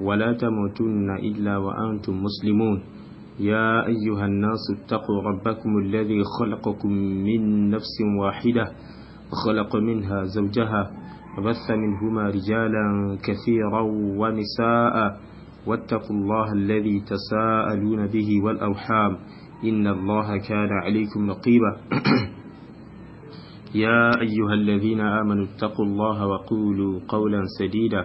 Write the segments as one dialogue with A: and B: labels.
A: ولا تموتن إلا وأنتم مسلمون يا أيها الناس اتقوا ربكم الذي خلقكم من نفس واحدة وخلق منها زوجها وبث منهما رجالا كثيرا ونساء واتقوا الله الذي تساءلون به والأوحام إن الله كان عليكم رقيبا يا أيها الذين آمنوا اتقوا الله وقولوا قولا سديدا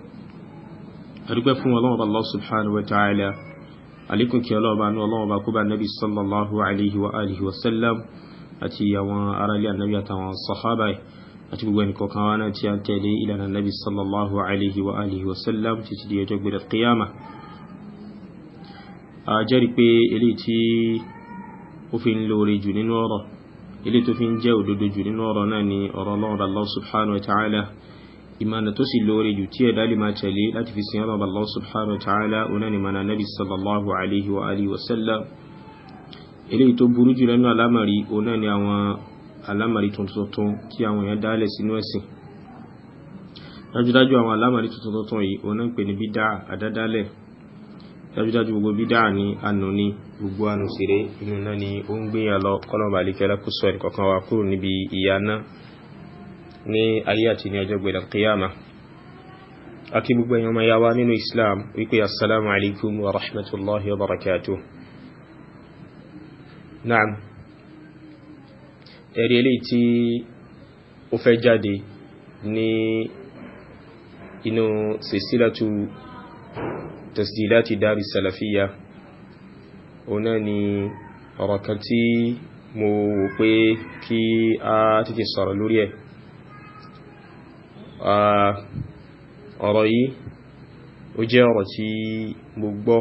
A: adúgbẹ́ fún ọlọ́ọ̀bá Allah subhanahu wa ta'ala alikun kí ọlọ́ọ̀bá ní ọlọ́ọ̀bá kó bá nabi sallallahu alaihi wa alihi wa sallam àti àwọn aráàlú ànábì àtàwọn sahaba àti gbogbo ẹnì kọ̀ọ̀kan wa náà tí a ń tẹ̀lé ìlànà nabi sallallahu alaihi wa alihi wa sallam títí di ọjọ́ gbẹ̀dẹ̀ qiyama a jẹ́rìí pé eléyìí tí ó fi ń lóore jù nínú ọ̀rọ̀ eléyìí tó fi ń jẹ́ òdodo jù nínú ọ̀rọ̀ náà ni ọ̀rọ̀ ọlọ́ọ̀bá Allah subhanahu wa ìmọ̀nà tó sì lóore jù tí ẹ̀dá lè máa tẹ̀lé láti fi sin ọlọ́ba Allah subhanahu wa ta'ala ọ̀nà ni mọ̀nà nabi sallallahu alaihi wa alihi wa sallam eléyìí tó burú jù lẹ́nu alámàrí ọ̀nà ni àwọn alámàrí tuntun tí àwọn èèyàn dálẹ̀ sínú ẹ̀sìn dájúdájú àwọn alámàrí tuntun tuntun yìí ọ̀nà ń pè ní bídá àdádálẹ̀ dájúdájú gbogbo bídá ní ànú ní gbogbo ànú sèré inú náà ni ó ń gbé yà lọ kọ́lọ̀ ní ayé àti ní ọjọ́ gbẹ̀dẹ̀ kíyàmà akí gbogbo ẹ̀yàn ma yáwá nínú islam wípé assalamu alaikum wa rahmatullahi wa barakatuh naam ẹ̀rí eléyìí tí ó fẹ́ jáde ní inú silsilatu tasdilati dari salafiya ọ̀nà ni ọ̀rọ̀ tí mo wò pé kí a tètè sọ̀rọ̀ lórí ẹ̀ ọ̀rọ̀ yìí ó jẹ́ ọ̀rọ̀ tí mo gbọ́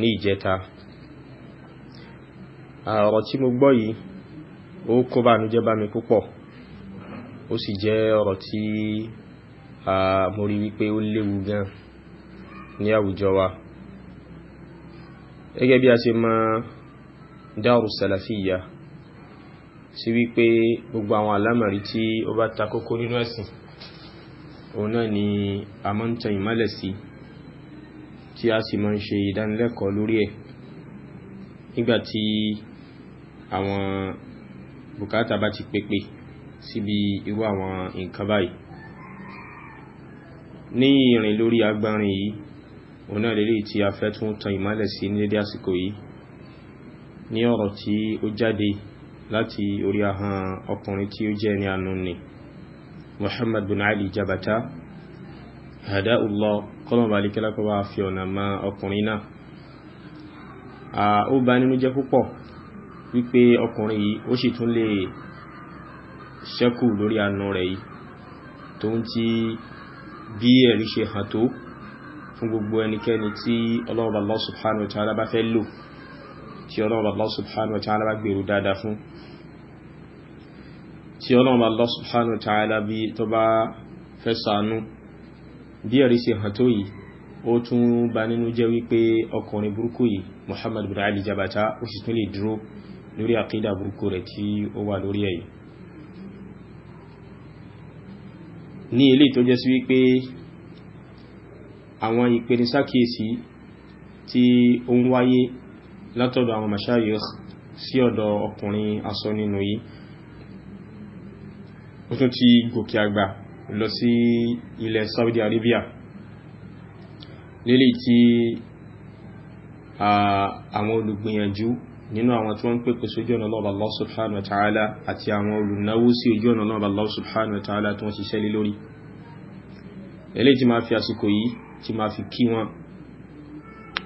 A: ní ìjẹta ọ̀rọ̀ tí mo gbọ́ yìí ó kó bá nújẹ́ bá mi púpọ̀ ó sì jẹ́ ọ̀rọ̀ tí mo rí wípé ó léwu gan ní àwùjọ wa gẹ́gẹ́ bí a ṣe máa dáru sàlàfíyà sí wípé gbogbo àwọn alámàrí tí ó bá takókó nínú ẹ̀sìn Ona ni a máa ń tan ìmọ́lẹ̀ sí tí a sì máa ń ṣe ìdánilẹ́kọ̀ọ́ lórí ẹ̀ nígbàtí àwọn bùkátà bá ti pépè síbi irú àwọn nǹkan báyìí ní ìrìn lórí agbárin yìí òun náà lélẹ́yìí tí a fẹ́ tún tan ìmọ́lẹ̀ sí ní àsìkò yìí ní ọ̀rọ̀ tí ó jáde láti orí ahọ́n ọkùnrin tí ó jẹ́ ní àánú ni Muhammad bin Ali Jabata hada Allah kọ́lọ̀bà alikẹ́lá kọ́ bá fi ọ̀nà ma ọkùnrin náà ó bá nínú jẹ́ púpọ̀ wípé ọkùnrin yìí ó sì tún lè ṣẹ́kù lórí àánú rẹ̀ yìí tó ń ti bí ẹ̀rí ṣe hàn tó fún gbogbo ẹnikẹ́ni tí Ọlọ́run Allah subhanahu wa ta'ala bá lò tí Ọlọ́run Allah subhanahu wa ta'ala bá dáadáa fún tí ọlọ́run Allah subhanahu wa ta'ala bí tó bá fẹ́ ṣàánú bí ẹ̀rí sí hàn tó yìí ó tún bá nínú jẹ́ wípé ọkùnrin burúkú yìí Muhammad bin Ali Jabata ó sì tún lè dúró lórí àkídà burúkú rẹ̀ tí ó wà lórí èyí ní ilé tó jẹ́ sí wípé àwọn ìpenisákìyèsí tí ó ń wáyé látọ̀dọ̀ àwọn mashayikh sí ọ̀dọ̀ ọkùnrin asọ nínú yìí ó tún ti gòkè àgbà lọ sí ilẹ̀ Saudi Arabia lélẹ̀ tí àwọn olùgbìyànjú nínú àwọn tí wọ́n ń pèpè sójú ọ̀nà lọ́wọ́ Allah subhanahu wa ta'ala àti àwọn olùnáwó sí ojú ọ̀nà lọ́wọ́ Allah subhanahu wa ta'ala tí wọ́n ṣiṣẹ́ lé lórí eléyìí tí máa fi àsìkò yìí tí máa fi kí wọn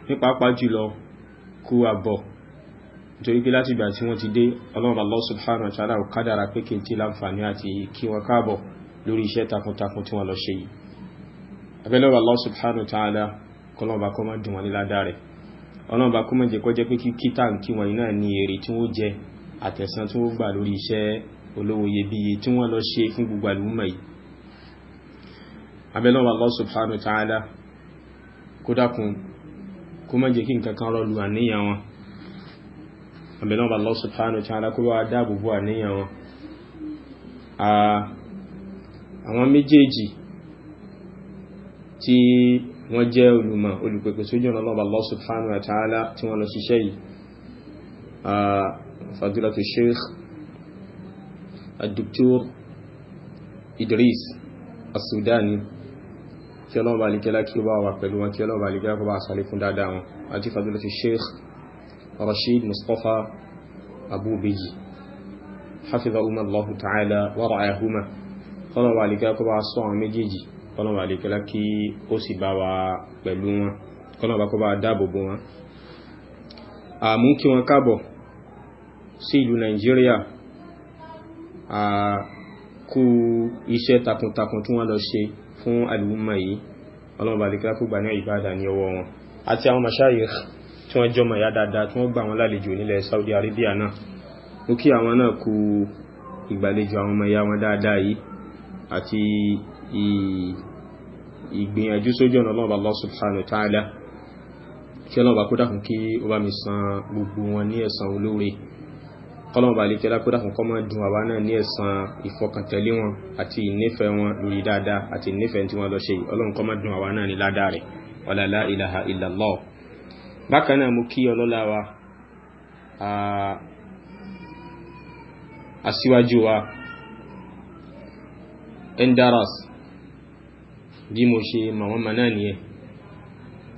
A: ní pàápàá jùlọ kú àbọ̀ nítorí pé láti ìgbà tí wọ́n ti dé ọlọ́run Allah subhanahu wa ta'ala ò kádàrà pé kí n tí láǹfààní àti kí wọn káàbọ̀ lórí iṣẹ́ takuntakun tí wọ́n lọ ṣe yìí abẹ́lẹ́wọ̀ Allah subhanahu wa ta'ala kọlọ́ọ̀bá kọ́ máa dùn wọn níládá rẹ̀ ọlọ́ọ̀bá kọ́ máa jẹ́ kọ́ jẹ́ pé kí kíta ń kí wọn iná ní èrè tí wọ́n subhanahu wa ta'ala kó dákun kó máa jẹ́ kí nǹkan àníyàn wọn àbẹ̀lọ́ bá Allah subhanahu wa ta'ala kó wá dáàbò bò àníyàn wọn àwọn méjèèjì tí wọ́n jẹ́ olùmọ̀ olùpẹ̀pẹ̀ sójú ọ̀nà lọ́bà Allah subhanahu wa ta'ala tí wọ́n lọ ṣiṣẹ́ yìí fadilatu sheikh al-doktor Idris al-Sudani kí ọlọ́bà alìkẹ́lá kí ó wà pẹ̀lú wọn kí ọlọ́bà alìkẹ́lá kó رشيد مصطفى أبو بيجي حفظهما الله تعالى ورعاهما قال وعليك أكبر الصعام مجيجي قال وعليك لك أسبا وبلوما قال وعليك أدابو بوما àmúkí wọn kábọ̀ sí ìlú Nàìjíríà a kú iṣẹ́ takuntakun tí wọ́n lọ ṣe fún àlùmọ̀ yìí ọlọ́mọ̀bàlìkílákùgbà ní ìbádà ní ọwọ́ wọn àti àwọn mashayikh tí wọ́n jọmọ̀ ya dáadáa tí wọ́n gbà wọn lálejò nílẹ̀ Saudi Arabia náà mú kí àwọn náà kú ìgbàlejò àwọn ọmọ ya wọn dáadáa yìí àti ìgbìyànjú sójú ọ̀nà lọ́wọ́ Allah subhanahu wa ta'ala kí ọlọ́wọ́ bá kó dákun kí ó bá mi san gbogbo wọn ní ẹ̀san olóore kọlọ́wọ́ bá lè kí ọlọ́kó bákan náà mo kí ọlọ́lá wa aṣíwájú wa endaras bí mo ṣe mọ̀ wọ́n mọ̀ náà nìyẹn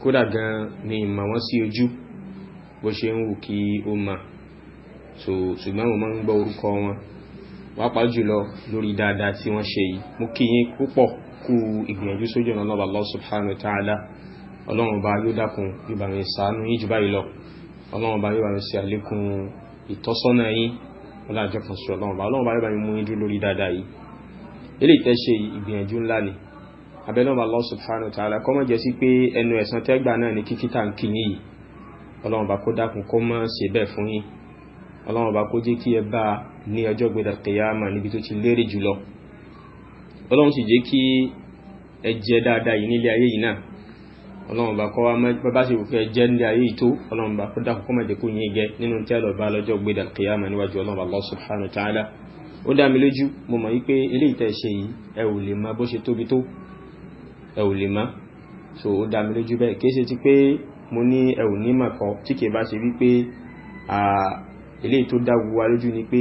A: kódà gan mi mọ̀ wọ́n sí ojú bó ṣe ń wù kí ó mọ̀ ṣùgbọ́n mo máa ń gbọ́ orúkọ wọn wápàá jùlọ lórí dáadáa tí wọ́n ṣe yìí mo kí yín púpọ̀ kú ìgbìyànjú sójú ọ̀nà Allah subhanahu wa ta'ala ọlọ́run ọba yóò dákun yóò bá mi ṣàánú yín jù báyìí lọ ọlọ́run ọba yóò bá mi ṣe àlékún ìtọ́sọ́nà yín ọlọ́jọ́ kan sí ọlọ́run ọba ọlọ́run ọba yóò bá mú yín dúró lórí dáadáa yìí eléyìí tẹ́ ṣe ìgbìyànjú ńlá ni abẹ́lọ́ba Allah subhanahu wa ta'ala kọ́mọ̀ jẹ́ sí pé ẹnu ẹ̀sán tẹ́gbà náà ni kíkítà ń kì yìí ọlọ́run ọba kó dákun kó mọ́ ṣe bẹ́ẹ̀ fún yín ọlọ́run ọba kó jẹ́ kí ẹ bá ní ọjọ́ gbẹdà kẹyàmà níbi tó ti lérè jùlọ ọlọ́run sì jẹ́ kí ẹ jẹ dáadáa yìí nílé ayé yìí náà ọlọ́run bá kọ́ wa bá sì fẹ́ jẹ́ ní ayé ìtó ọlọ́run bá kó dákú kọ́mọ̀dé kó yín gẹ nínú tí a lọ bá lọ́jọ́ gbé dàkíyàmà níwájú ọlọ́run Allah subhanahu wa ta'ala ó dá mi lójú mo mọ̀ wípé ilé ìtẹ́ ṣe yìí ẹ ò lè mọ bó ṣe tóbi tó ẹ ò lè mọ so ó dá mi lójú bẹ́ẹ̀ kìí ṣe ti pé mo ní ẹ ò ní mọ̀ kọ tí kìí bá ṣe wípé ilé ìtó dá wa lójú ni pé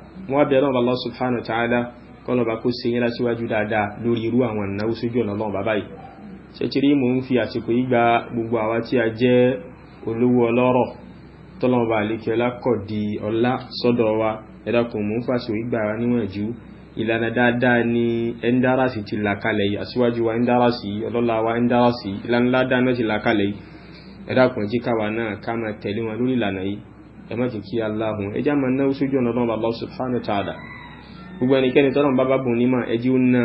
A: wọ́n bẹ̀rẹ̀ náà Allah subhanahu wa ta'ala kọ́lọ̀bà kó se yẹ́lá síwájú dáadáa lórí irú àwọn ìnáwó sójú ọ̀nà Ọlọ́run bàbá yìí ṣẹ́tírí mò ń fi àsìkò yìí gba gbogbo àwa tí a jẹ́ olówó ọlọ́rọ̀ tọ́lọ́mọba àlékẹ́lá kọ̀ di ọlá sọ́dọ̀ wa ẹ̀dàkùn mò ń fàṣọ ìgbà wa níwọ̀n jù ìlànà dáadáa ni ẹ́ńdárasì ti là kalẹ̀ yìí àṣíwájú wa ẹ́ńdárasì ọlọ́lá wa ẹ́ńdárasì ìlànà dáadáa náà ti là kalẹ̀ yìí ẹ̀dàkùn jíkàwá náà ká máa tẹ̀lé wọn lórí ìlànà yìí ẹ má jẹ́ kí aláhùn ẹjá máa náwó sójú ọ̀nà ọlọ́run Allah subhanahu wa ta'ala gbogbo ẹnikẹ́ni tọ́lọ́run bá bá bùn nímọ̀ ẹjí ó ná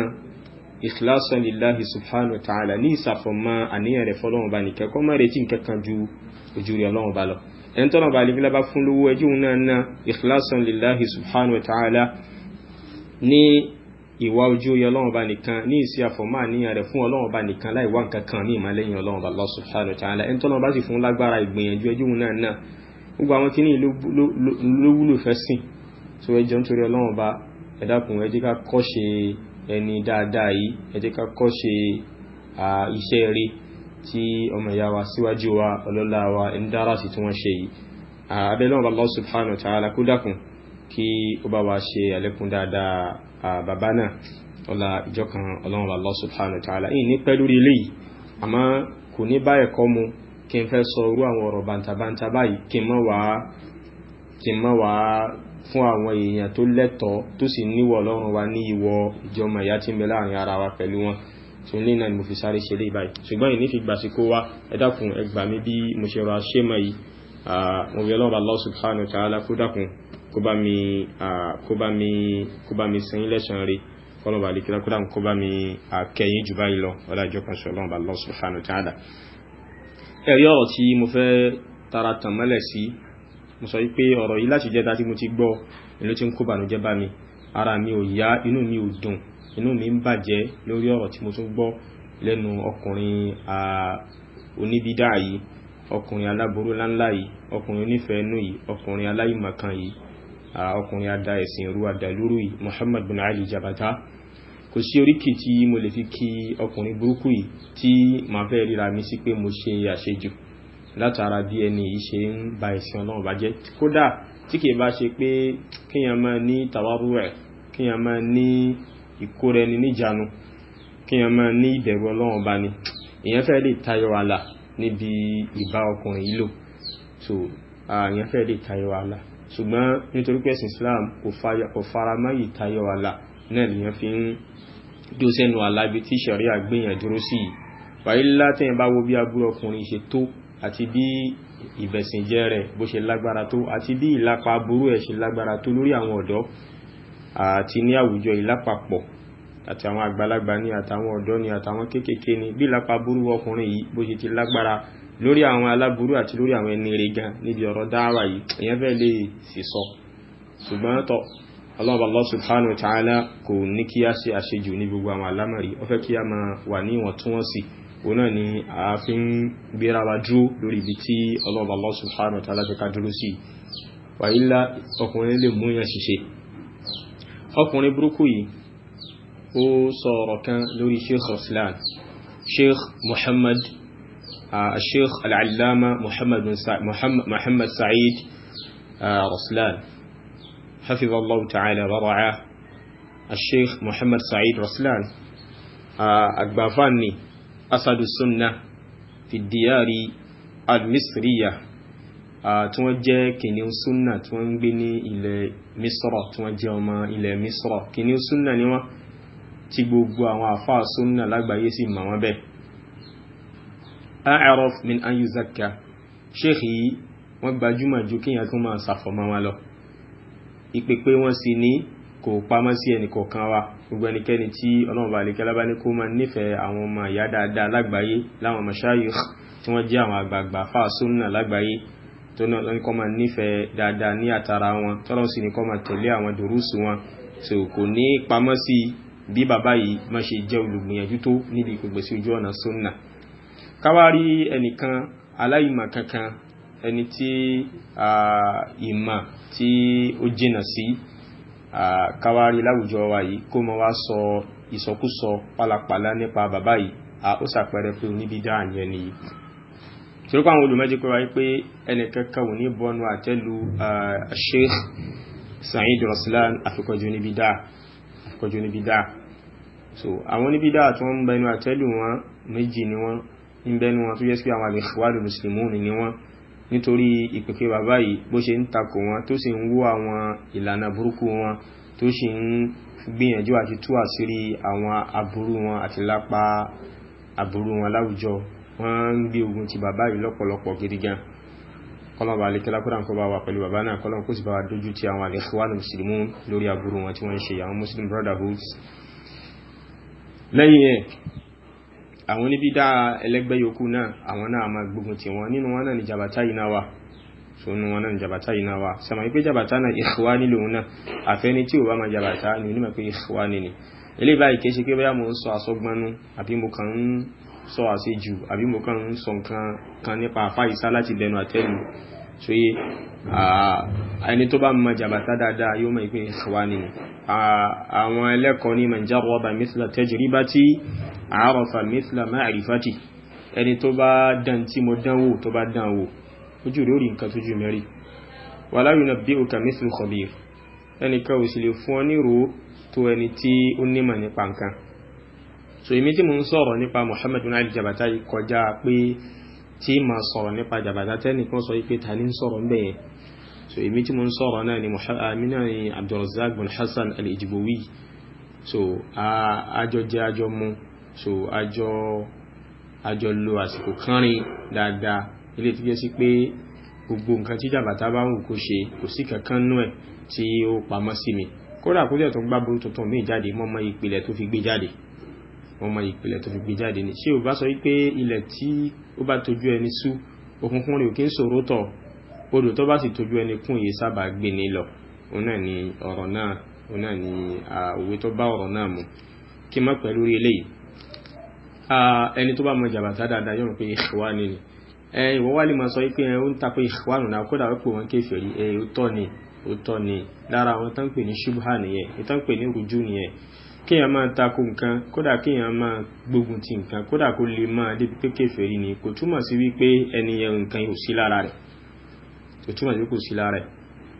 A: ikhlasan lillahi subhanahu wa ta'ala ní ìsàfọ̀mọ́ àníyàn rẹ̀ fọlọ́run bá nìkẹ́ kọ́ má retí nǹkan kan ju ojú rẹ̀ ọlọ́run bá lọ ẹni tọ́lọ́run bá alifilá bá fún lówó ẹjí ó ná ná ikhlasan lillahi subhanahu wa ta'ala ní ìwà ojú oyè ọlọ́run bá nìkan ní ìsí àfọ̀mọ́ àníyàn rẹ̀ fún ọlọ́run bá nìkan láì wá nǹkan kan ní ìmọ̀lẹ́yìn ọlọ́run bá Allah subhanahu wa ẹni tọ́lọ́run bá sì fún lágbára ìgbìyànjú ẹjú náà náà gbogbo àwọn kìíní ló wúlò fẹ́ sìn tó ẹjọ nítorí ọlọ́run bá ẹ dákun ẹ jẹ́ ká kọ́ṣe ẹni dáadáa yìí ẹ jẹ́ ká kọ́ṣe iṣẹ́ eré tí ọmọ ìyá wa síwájú wa ọlọ́lá wa ẹni sí tí wọ́n ṣe yìí abẹ́lọ́run Allah subhanahu wa ta'ala kó dákun kí wa ṣe àlékún dáadáa bàbá náà ọlá ìjọ Allah subhanahu wa ta'ala yìí ní pẹ́ lórí eléyìí àmọ́ kí n fẹ́ sọ orú àwọn ọ̀rọ̀ bàǹtàbàǹtà báyìí kí n má wàá kí n má wàá fún àwọn èèyàn tó lẹ́tọ̀ọ́ tó sì níwọ̀ ọlọ́run wa ní ìwọ ìjọmọ̀ ìyá tí ń bẹ láàrin ara wa pẹ̀lú wọn tún lé náà ni mo fi sáré ṣe lé báyìí ṣùgbọ́n ìní fi gbàsíkó wa ẹ dákun ẹ gbà mí bí mo ṣe ra ṣé mọ̀ yìí mo fi ọlọ́run Allah subhanahu wa ta'ala kó dákun kó bá mi kó bá mi kó bá mi sẹ́yìn lẹ́sàn-án rí kọ́lọ́ba àlekílákúdà kó bá mi kẹ́yìn jù báyìí lọ ọ̀dà ìjọkan ṣọlọ́run Allah subhanahu wa ta'ala ẹ̀rí ọ̀rọ̀ tí mo fẹ́ tara tàn mọ́lẹ̀ sí mo sọ wípé ọ̀rọ̀ yìí láti jẹta tí mo ti gbọ́ ìlú tí ń kó bànújẹ́ bá mi ara mi ò yá inú mi ò dùn inú mi ń bàjẹ́ lórí ọ̀rọ̀ tí mo tún gbọ́ lẹ́nu ọkùnrin oníbídà yìí ọkùnrin aláboró láńlá yìí ọkùnrin onífẹ̀ẹ́ inú yìí ọkùnrin aláìmọ̀kan yìí ọkùnrin adá ẹ̀sìn ìrú adàlúrú yìí Muhammad bin Ali Jabata kò sí oríkì tí mo lè fi kí ọkùnrin burúkú yìí tí màá fẹ́ ríra mi sí pé mo ṣe àṣejù látara bí ẹni yìí ṣe ń ba ẹ̀sìn ọlọ́run bá jẹ́ kódà tí kìí bá ṣe pé kíyàn máa ní tàwárú rẹ̀ kíyàn máa ní ìkóra ẹni níjànú kíyàn máa ní ìbẹ̀rù ọlọ́run bá ní èèyàn fẹ́ lè tayọ àlà níbi ìbá ọkùnrin yìí lò so èèyàn fẹ́ lè tayọ àlà ṣùgbọ́n nítorí pé ẹ̀sìn Islam kò fara mọ́ ìtayọ àlà náà lèèyàn fi ń jó sẹ́nu alábi tí ṣẹ̀rí àgbéyàn dúró sí wáyé látẹ̀yìn bá wo bí agbúrò ọkùnrin ṣe tó àti bí ìbẹ̀sìnjẹ́ rẹ̀ bó ṣe lágbára tó àti bí ìlapa burú ẹ̀ ṣe lágbára tó lórí àwọn ọ̀dọ́ àti ní àwùjọ ìlápapọ̀ àti àwọn àgbàlagbà ní àtàwọn ọ̀dọ́ ní àtàwọn kéékèèké ní bí ìlapa burú ọkùnrin yìí bó ṣe ti lágbára lórí àwọn aláburú àti lórí àwọn ẹni rẹ̀ gan níbi ọ̀rọ̀ dáwà yìí èèyàn fẹ́ lè sì sọ ṣùgbọ́n tọ́ ọlọ́ọ̀bà Allah subhanahu wa ta'ala kò ní kí a ṣe àṣejù ní gbogbo àwọn alámọ̀rí ó fẹ́ kí a máa wà ní ìwọ̀ntúnwọ̀nsì òun náà ni a fi ń gbéra wa dúró lórí ibi tí ọlọ́ọ̀bà Allah subhanahu wa ta'ala fẹ́ ká dúró sí wà ilá ọkùnrin lè mú yàn ṣiṣẹ́ ọkùnrin burúkú yìí ó sọ ọ̀rọ̀ kan lórí sheikh ruslan sheikh muhammad sheikh al'allama muhammad sa'id ruslan حفظ الله تعالى ورعاه الشيخ محمد سعيد رسلان أكبافاني أسد السنة في الديار المصرية tí wọ́n jẹ́ kìnìún súnnà tí wọ́n ń gbé ní ilẹ̀ misra tí wọ́n jẹ́ ọmọ ilẹ̀ misra kìnìún súnnà ni wọ́n tí gbogbo àwọn àfáà súnnà lágbàáyé sì mọ̀ wọ́n bẹ́ẹ̀ a'raf min an yuzakka sheikh yìí wọ́n gbajúmọ̀ ju kíyàn tó máa ṣàfọ̀mọ́ wọn lọ ìpèpè wọn sì ní kò pamọ́ sí ẹnìkọ̀ọ̀kan wa gbogbo ẹnikẹ́ni tí ọlọ́run bá àlekẹ́lá bá ní kó máa nífẹ̀ẹ́ àwọn ọmọ ìyá dáadáa lágbàáyé láwọn mashayikh tí wọ́n jẹ́ àwọn àgbààgbà fáà sunna lágbàáyé tó náà ní kó máa nífẹ̀ẹ́ dáadáa ní àtàrà wọn tọ́lọ́run sì ní kó máa tẹ̀lé àwọn dùrúsù wọn tí ẹni tí ìmọ̀ tí ó jìnà sí káwárí láwùjọ wa yìí kó mọ́ wá sọ ìsọkúsọ pálapàla nípa bàbá yìí a ó sàpẹrẹ pé oníbí dáa ní ẹni yìí tí ó pàwọn olùmọ́jú pé wáyé pé ẹnìkẹ́kẹ́ ò ní bọ́nu àtẹ́lu Sheikh Sa'id Raslan àfikọjú níbí dáa àfikọjú so àwọn níbí dáa tó ń bẹnu àtẹ́lu wọn méjì ni wọn ń bẹnu wọn tó yẹ sí àwọn al-Ikhwanul Muslimun ni wọn nítorí ìpèkè bàbá yìí bó ṣe ń takò wọn tó sì ń wó àwọn ìlànà burúkú wọn tó sì ń gbìyànjú àti tú àṣírí àwọn aburú wọn àti lápá aburú wọn láwùjọ wọ́n ń gbé ogun ti bàbá yìí lọ́pọ̀lọpọ̀ gidi gan kọlọ̀bà alékẹ́lá kúrò àkọ́bà wà pẹ̀lú bàbá náà kọlọ̀ kó sì bá dójú ti àwọn al-Ikhwan al lórí aburú wọn tí wọ́n ń ṣe àwọn Muslim Brotherhoods lẹ́yìn ẹ̀ àwọn oníbídá ẹlẹ́gbẹ́ yòókù náà àwọn náà máa gbógun ti wọn nínú wọn náà ni jàbátá yìí so nínú wọn náà ni jàbátá yìí náà wà sẹ́mọ̀ wípé jàbátá náà ìṣúwá nílò náà àfẹ́ni tí ò bá máa jàbátá ni onímọ̀ pé ìṣúwá ni ni eléyìí báyìí kìí ṣe pé bóyá mo ń sọ àsọgbọnú àbí mo kàn ń sọ àṣejù àbí mo kàn ń sọ nǹkan kan nípa àfáìsá láti dẹnu àtẹ́lù so yé ẹni tó bá mọ jàbàtà dáadáa yóò mọ̀ ìpín ikhwani ni àwọn ẹlẹ́kọ̀ọ́ ní man jarraba mithla tajribati arafa mithla ma'rifati ẹni tó bá dán tí mo dánwò tó bá dánwò ojú rẹ̀ orí nǹkan tójú mẹ́rí wala yunabbi'uka mithlu khabir ẹnìkan ò sì lè fún ọ nírò tó ẹni tí ó tí ma sọ̀rọ̀ nípa jàbàtà tẹ́nìkan sọ ipé ta ní sọ̀rọ̀ ń so èmi tí mo ń sọ̀rọ̀ náà ni amina ah, ni abdulrazak bin hassan al-ijibowi so àjọ jẹ́ àjọ mu so àjọ àjọ lo àsìkò kánrin dáadáa ilé tí jẹ́ sí pé gbogbo nǹkan tí jàbàtà bá ń wù kó ṣe kò sí kankan nú ẹ̀ tí ó pamọ́ sí mi kódà kó jẹ́ tó ń gbá burú tuntun mí jáde mọ́mọ́ ìpìlẹ̀ tó fi gbé jáde wọ́n mọ ìpìlẹ̀ tó fi gbé jáde ni ṣé o bá sọ wípé ilẹ̀ tí ó bá tójú ẹni sú òkùnkùn rẹ̀ ò ń ṣòro tọ̀ odò tó bá sì tójú ẹni kún yìí sábà gbé ni lọ òun náà ni ọ̀rọ̀ náà òun náà ni òwe tó bá ọ̀rọ̀ náà mu kí n má pẹ̀lú rí eléyìí ẹni tó ni ni ìwọ wá lè máa sọ wípé ó ń tapé ìwánù náà kódà wípé wọn ni òótọ́ ni kéèyàn máa tako nǹkan kódà kéèyàn máa gbógun ti nǹkan kódà kó lè máa débi pé kèfèrí ni kò túmọ̀ sí wípé ẹniyẹn nǹkan yóò sí lára rẹ̀ kò túmọ̀ sí kò sí lára rẹ̀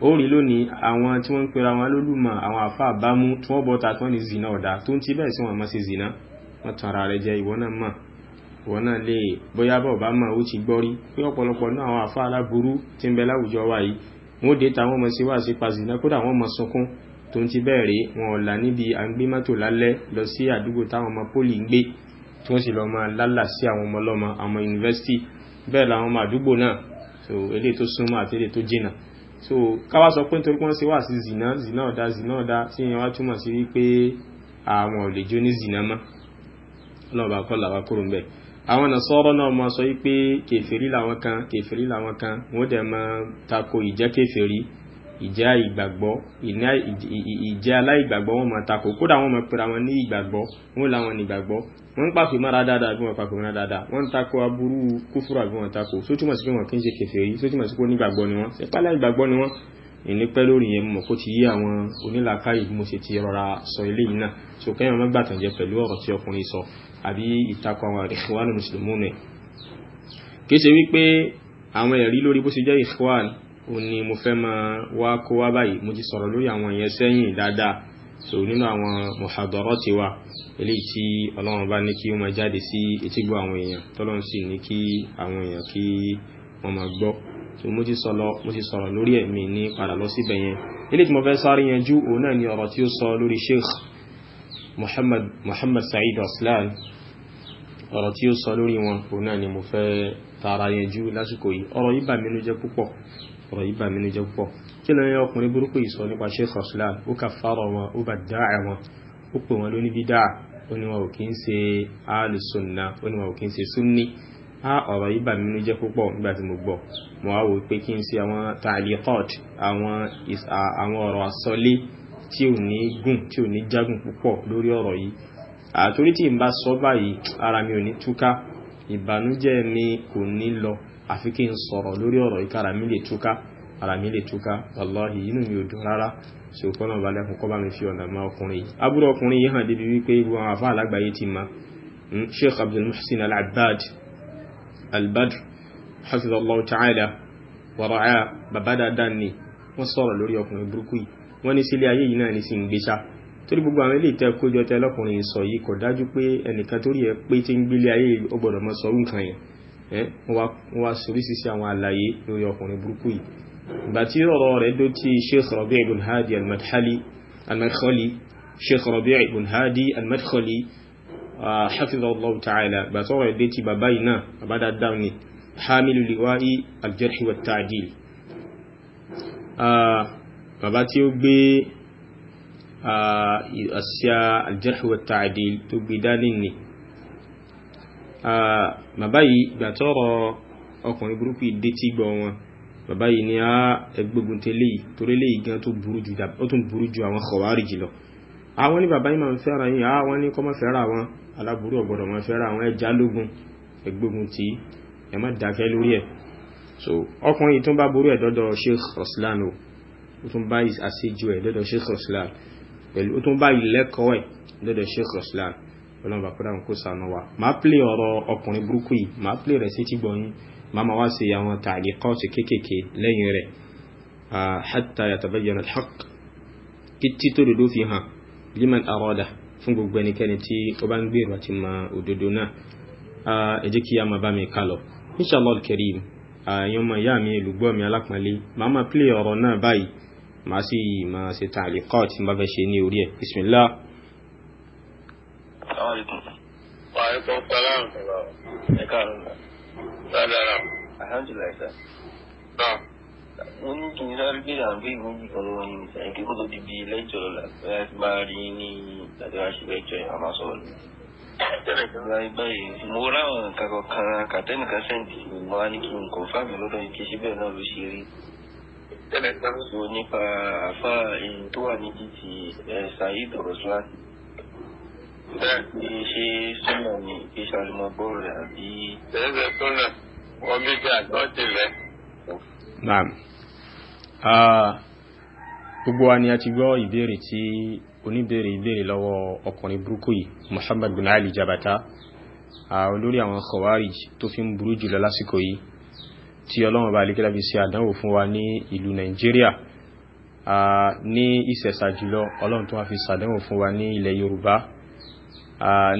A: ó rí lónìí àwọn tí wọ́n ń pera wọn lólùmọ̀ àwọn àfa àbámú tí wọ́n bọ́ta tí wọ́n ní zina ọ̀dà tó ń ti bẹ́ẹ̀ sí wọn máa ṣe zina wọ́n tan ara rẹ̀ jẹ ìwọ náà mà ìwọ náà lè bóyá bá ọba mà ó ti gbọ́ rí pé ọ̀pọ̀lọpọ̀ náà àwọn àfa aláburú tí ń bẹ láwùjọ wa yìí wọ́n dé ta wọ́n mọ̀ sí wá sí pa zina kódà wọ́n mọ̀ sunkún tó ń ti bẹ́ẹ̀ rí wọn ọ̀la níbi àgbémọ́tò lálẹ́ lọ sí àdúgbò táwọn ọmọ pólì ń gbé tí wọ́n sì lọ máa lálà sí àwọn ọmọ àwọn yunifásitì bẹ́ẹ̀ làwọn ọmọ àdúgbò náà so eléyìí tó súnmọ́ àti eléyìí tó jìnà so káwá sọ pé nítorí wọ́n ṣe wà sí zìnà zìnà ọ̀dà zìnà ọ̀dà tí ìyẹn wá túmọ̀ sí wípé àwọn ò lè jó ní zìnà mọ́ ọlọ́ọ̀bà kọ́ làwa kúrò ń bẹ̀ àwọn nàṣọ́rọ́ náà máa sọ wípé kèfèrí làwọn kan kèfèrí làwọn kan wọ́n dẹ̀ máa tako ìjẹ́ ìjẹ́ ìgbàgbọ́ ìjẹ́ aláìgbàgbọ́ wọn máa takò kódà wọn máa pera wọn ní ìgbàgbọ́ wọn làwọn ní ìgbàgbọ́ wọn ń pàfẹ́ mára dáadáa bí wọn pàfẹ́ mára dáadáa wọn ń takò aburú kúfúrà bí wọn takò só túmọ̀ sí pé wọn kì í ṣe kèfèrí só túmọ̀ sí pé onígbàgbọ́ ni wọn ṣẹpá aláìgbàgbọ́ ni wọn ìní pẹ́ lórí yẹn mọ̀ kó ti yí àwọn onílàákàyè bí mo ṣe ti rọra sọ eléyìí náà so kẹ́yìn wọn gbàtàn jẹ pẹ̀lú ọ̀rọ̀ tí ọkùnrin sọ àbí ìtakò àwọn ìwádìí mùsùlùmí kì í ṣe wípé àwọn ẹ̀rí lórí bó ṣe jẹ́ ìwádìí òun ni mo fẹ́ máa wá kó wá báyìí mo ti sọ̀rọ̀ lórí àwọn ìyẹn sẹ́yìn dáadáa so nínú àwọn mọ̀hàdọ̀rọ̀ ti wa eléyìí tí ọlọ́run bá ní kí wọ́n máa jáde sí etígbọ́ àwọn èèyàn tọ́lọ́run sì ní kí àwọn èèyàn kí wọ́n máa gbọ́ so mo ti sọ̀rọ̀ mo ti sọ̀rọ̀ lórí ẹ̀mí ní padà lọ síbẹ̀ yẹn eléyìí tí mo fẹ́ sáré yanjú òun náà ni ọ̀rọ̀ tí ó sọ lórí Sheikh Muhammad Muhammad Said Aslan ọ̀rọ̀ tí ó sọ lórí wọn òun náà ni mo fẹ́ tara yanjú lásìkò yìí ọ̀rọ̀ yìí bà mí nínú púpọ̀ ọ̀rọ̀ yìí bà mí ní jẹ́ púpọ̀ kí ló ń yẹ ọkùnrin burúkú yìí sọ nípa Sheikh Ruslan ó kà fárọ̀ wọn ó bà dáa wọn ó pè wọn lóní bídà ó ní wọn ò kí ń ṣe alùsùnà ó ní wọn ò kí ń ṣe súnni á ọ̀rọ̀ yìí bà mí ní jẹ́ púpọ̀ nígbà tí mo gbọ́ mo wá wò pé kí n ṣe àwọn tàlíkọ́t àwọn ọ̀rọ̀ àsọlé tí ò ní gùn tí ò ní jágùn púpọ̀ lórí ọ̀rọ̀ yìí àtorí tí bá sọ báyìí ara mi ò ní túká ìbànújẹ́ mi kò ní lọ àfi kí n sọ̀rọ̀ lórí ọ̀rọ̀ ìka ara mi lè túká ara mi lè túká wàláhì inú mi ò dùn rárá ṣe ò kọ́nà balẹ̀ kó bá mi fi ọ̀nà ma ọkùnrin yìí abúrò ọkùnrin yìí hàn débi wípé ibu àwọn afá alágbàáyé ti ma hmm, sheikh abdul muhsin al-abbad al-badr hafizallahu ta'ala wa ra'a bàbá dáadáa ni wọ́n sọ̀rọ̀ lórí ọkùnrin burúkú yìí wọ́n ní sílé ayé yìí náà ní sí ń gbéṣá torí gbogbo àwọn ilé ìtẹ́ kójọ sọ yìí kò dájú pé ẹnìkan torí ẹ pé tí ń gbélé ayé ọgbọ̀dọ̀ mọ́ sọ nǹkan yẹn wọ́n eh, wá soríṣiṣi àwọn àlàyé lórí ọkùnrin burúkú yìí ìgbà tí ọ̀rọ̀ rẹ̀ dó tí sheikh rabi' ibn hadi al-madkhali sheikh rabi' ibn hadi al-madkhali ah, hafizallahu ta'ala ìgbà tí ọ̀rọ̀ rẹ̀ dé tí bàbá yìí náà bàbá dáadáa bàbá yìí gbà tọ́rọ ọkùnrin burúkú ìdé tí gbọ́ wọn bàbá yìí ni a ẹgbógun tẹ́lẹ̀ yìí torí lè gan tó tún burú ju àwọn kọ̀wárì jùlọ àwọn ní bàbá yìí máa ń fẹ́ra yìí àwọn ní kọ́ máa fẹ́ra wọn aláburú ọ̀gbọ̀dọ̀ máa fẹ́ra àwọn ẹja lógun ẹgbógun tí ẹ má dákẹ́ lórí ẹ̀ so ọkùnrin yìí tún bá burú ẹ̀ dọ́dọ̀ Sheikh Ruslan o ó tún bá àṣejù ẹ̀ dọ́dọ̀ Sheikh Ruslan pẹ̀lú ó tún bá ìlẹ́kọ̀ọ́ ẹ̀ dọ́dọ̀ Sheikh Ruslan ọlọ́run bá kọ́dà kó sànù wa máa plé ọ̀rọ̀ ọkùnrin burúkú yìí máa plé rẹ̀ sí ti gbọ̀nyìn máa ma wá sí àwọn tààlì kọ́ọ̀tù kéékèèké lẹ́yìn rẹ̀ hatta yatabayyana al-haqq títí tó dodo fi hàn liman arada fún gbogbo ẹnikẹ́ni tí ó bá ń gbèrò àti mọ òdodo náà ẹ jẹ́ kí a máa bá mi kálọ̀ inshallah al àyàn ọmọ ìyá mi olùgbọ́ mi alápọ̀nlé máa máa plé ọ̀rọ̀ náà báyìí máa sì máa ṣe tààlì kọ́ọ̀tù tí fẹ́ ṣe ní orí ẹ̀ bismillah
B: Assalamu alaikum. Wa alaikum salam. Ẹ káàárọ̀ nà. Dáadáa. Alhamdulilayi sir. Náà. Mo ní kí n sáré bí àwọn bí ìwé yìí kan ló wọ́n ní nìkan kí kó tó di bí lẹ́jọ́ lọ́la. Bóyá ti máa rí ní ìdájọ́ àṣìlẹ̀ ẹjọ́ yẹn, a máa sọ̀rọ̀ lọ. Báyìí báyìí, mo ráwọn nǹkan kan kàtẹ́nì kan sẹ́ǹtì mo wá ní kí n kò fáàmì lọ́dọ̀ yìí kí síbẹ̀ náà ló ṣe rí. So nípa àfa èyí tó wà ní títì Saheed Roslan bẹ́ẹ̀ ni ṣe súnmọ́ ni kí sọlọmọ bọ́ọ̀lù rẹ̀ àbí. ṣèṣe súnà wọn bí bí àgbọ̀ tilẹ̀.
A: naam gbogbo wa ni a ti gbọ́ ìbéèrè tí oníbéèrè ìbéèrè lọ́wọ́ ọkùnrin burúkú yìí Muhammad bin Ali Jabata olórí àwọn Khawarij tó fi ń burú jùlọ lásìkò yìí tí ọlọ́run bá alékẹ́lá fi ṣe àdánwò fún wa ní ìlú Nàìjíríà ní ìṣẹ̀ṣà jùlọ ọlọ́run tó wá fi ṣàdánwò fún wa ní ilẹ̀ Yorùbá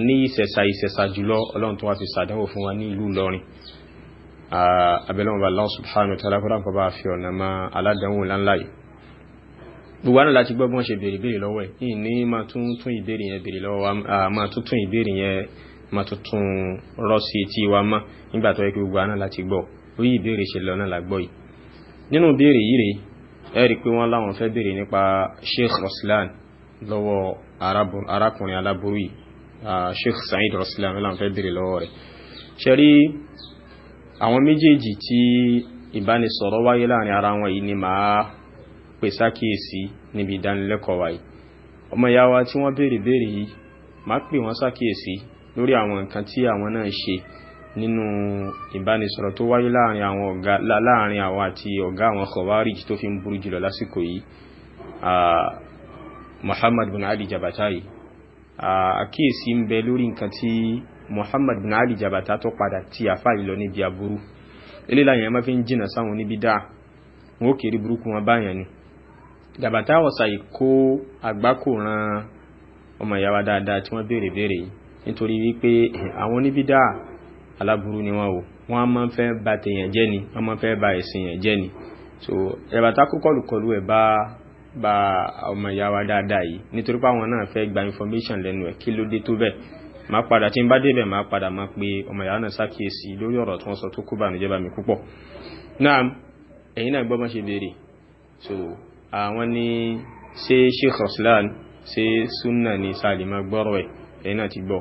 A: ní ìṣẹ̀ṣà ìṣẹ̀ṣà jùlọ ọlọ́run tó wá ti sàdánwò fún wa ní ìlú Ìlọrin abẹ́lẹ́wọ̀n bá Allah subhanahu fi ọ̀nà ma aládánwò gbogbo àná láti gbọ́gbọ́n ṣe bèèrè lọ́wọ́ ẹ̀ ní yẹn rọ́ sí etí wa mọ́ nígbà tó yẹ kí gbogbo àná láti gbọ́ orí ìbéèrè ṣe lọ náà yìí nínú yìí rèé i pé wọ́n láwọn fẹ́ bèèrè nípa Sheikh lọ́wọ́ arákùnrin Ah, Sheikh Said Rasulillahi mẹ́lá fẹ́ bèèrè lọ́wọ́ rẹ̀ ṣe rí àwọn méjèèjì tí ìbánisọ̀rọ̀ wáyé láàrin ara wọn yìí ni màá pè sákìyèsí níbi ìdánilẹ́kọ̀ọ́ wa yìí ọmọ ìyá wa tí wọ́n bèèrè bèèrè yìí màá pè wọ́n sákìyèsí lórí àwọn nǹkan tí ah, Muhammad bin Ali Jabata Ah, àkíyèsí ń bẹ lórí nǹkan tí Muhammad bin Ali Jabata tó padà tí àfá ìlọ níbi aburú eléla yẹn má fi ń jìnà sáwọn níbi dáa wọn kéré burúkú wọn báyẹn ni Jabata wọ̀sà ìkó àgbákò ran ọmọ ìyàwó dáadáa tí wọ́n béèrè béèrè yìí nítorí wípé àwọn oníbí dáa aláburú ni wọ́n wò wọ́n máa ń fẹ́ ba tèèyàn jẹ́ ni wọ́n máa ń fẹ́ ba ẹ̀sìn yẹn jẹ́ ni so Jabata kó kọlùkọlù ẹ̀ bá ba ọmọ ìyá wa dáadáa yìí nítorí pé àwọn náà fẹ́ gba information lẹ́nu ẹ̀ kí ló dé tó bẹ́ẹ̀ máa padà tí n bá débẹ̀ máa padà máa pe ọmọ ìyá náà ṣàkíyèsí lórí ọ̀rọ̀ tí wọ́n sọ tó kó bànújẹ́ bá mi púpọ̀ náà ẹ̀yin náà gbọ́ ṣe béèrè so àwọn ní ṣé Sheikh Ruslan ṣé sunna ni salima gbọ́rọ̀ ẹ̀ ẹ̀yin náà ti gbọ́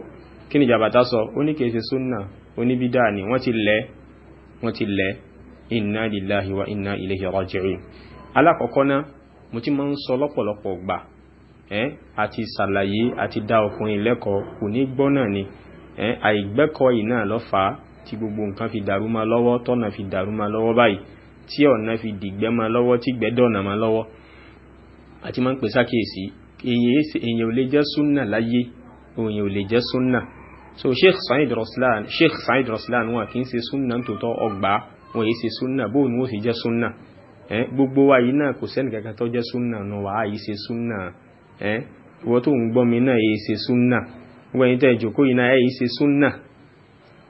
A: kí ni jàbàtà sọ ó ní kìí ṣe sunna oníbídà ni wọ́n ti lẹ̀ wọ́n ti lẹ̀ inna lillahi wa inna ilayhi raji'un alákọ̀ọ́kọ́ náà mo ti máa ń sọ lọ́pọ̀lọpọ̀ gbà ẹ́n àti ṣàlàyé àti dá ọkùnrin lẹ́kọ̀ọ́ kò ní gbọ́ náà ni ẹ́n àìgbẹ́kọ̀ọ́ yìí náà ló fà á tí gbogbo nǹkan fi dàrú ma lọ́wọ́ tọ́nà fi dàrú ma lọ́wọ́ báyìí tí ọ̀nà fi dìgbẹ́ ma lọ́wọ́ tí gbẹ́dọ̀nà ma lọ́wọ́ àti máa ń pè sákèèsí èèyàn ò lè jẹ́ súnà láyé èèyàn ò lè jẹ́ súnà so sheikh saheed raslan sheikh saheed raslan wọn kì í ṣe súnà tòótọ́ ọgbà wọn yìí ṣe súnà bóun ni wọ́n fi jẹ́ súnà gbogbo wa yìí náà kò sẹ́nì kankan tó jẹ́ súnà nù wá yìí ṣe súnà ìwọ tó ń gbọ́ mi náà yìí ṣe súnà gbogbo ẹ̀yin tẹ́ ìjòkó yìí náà yìí ṣe súnà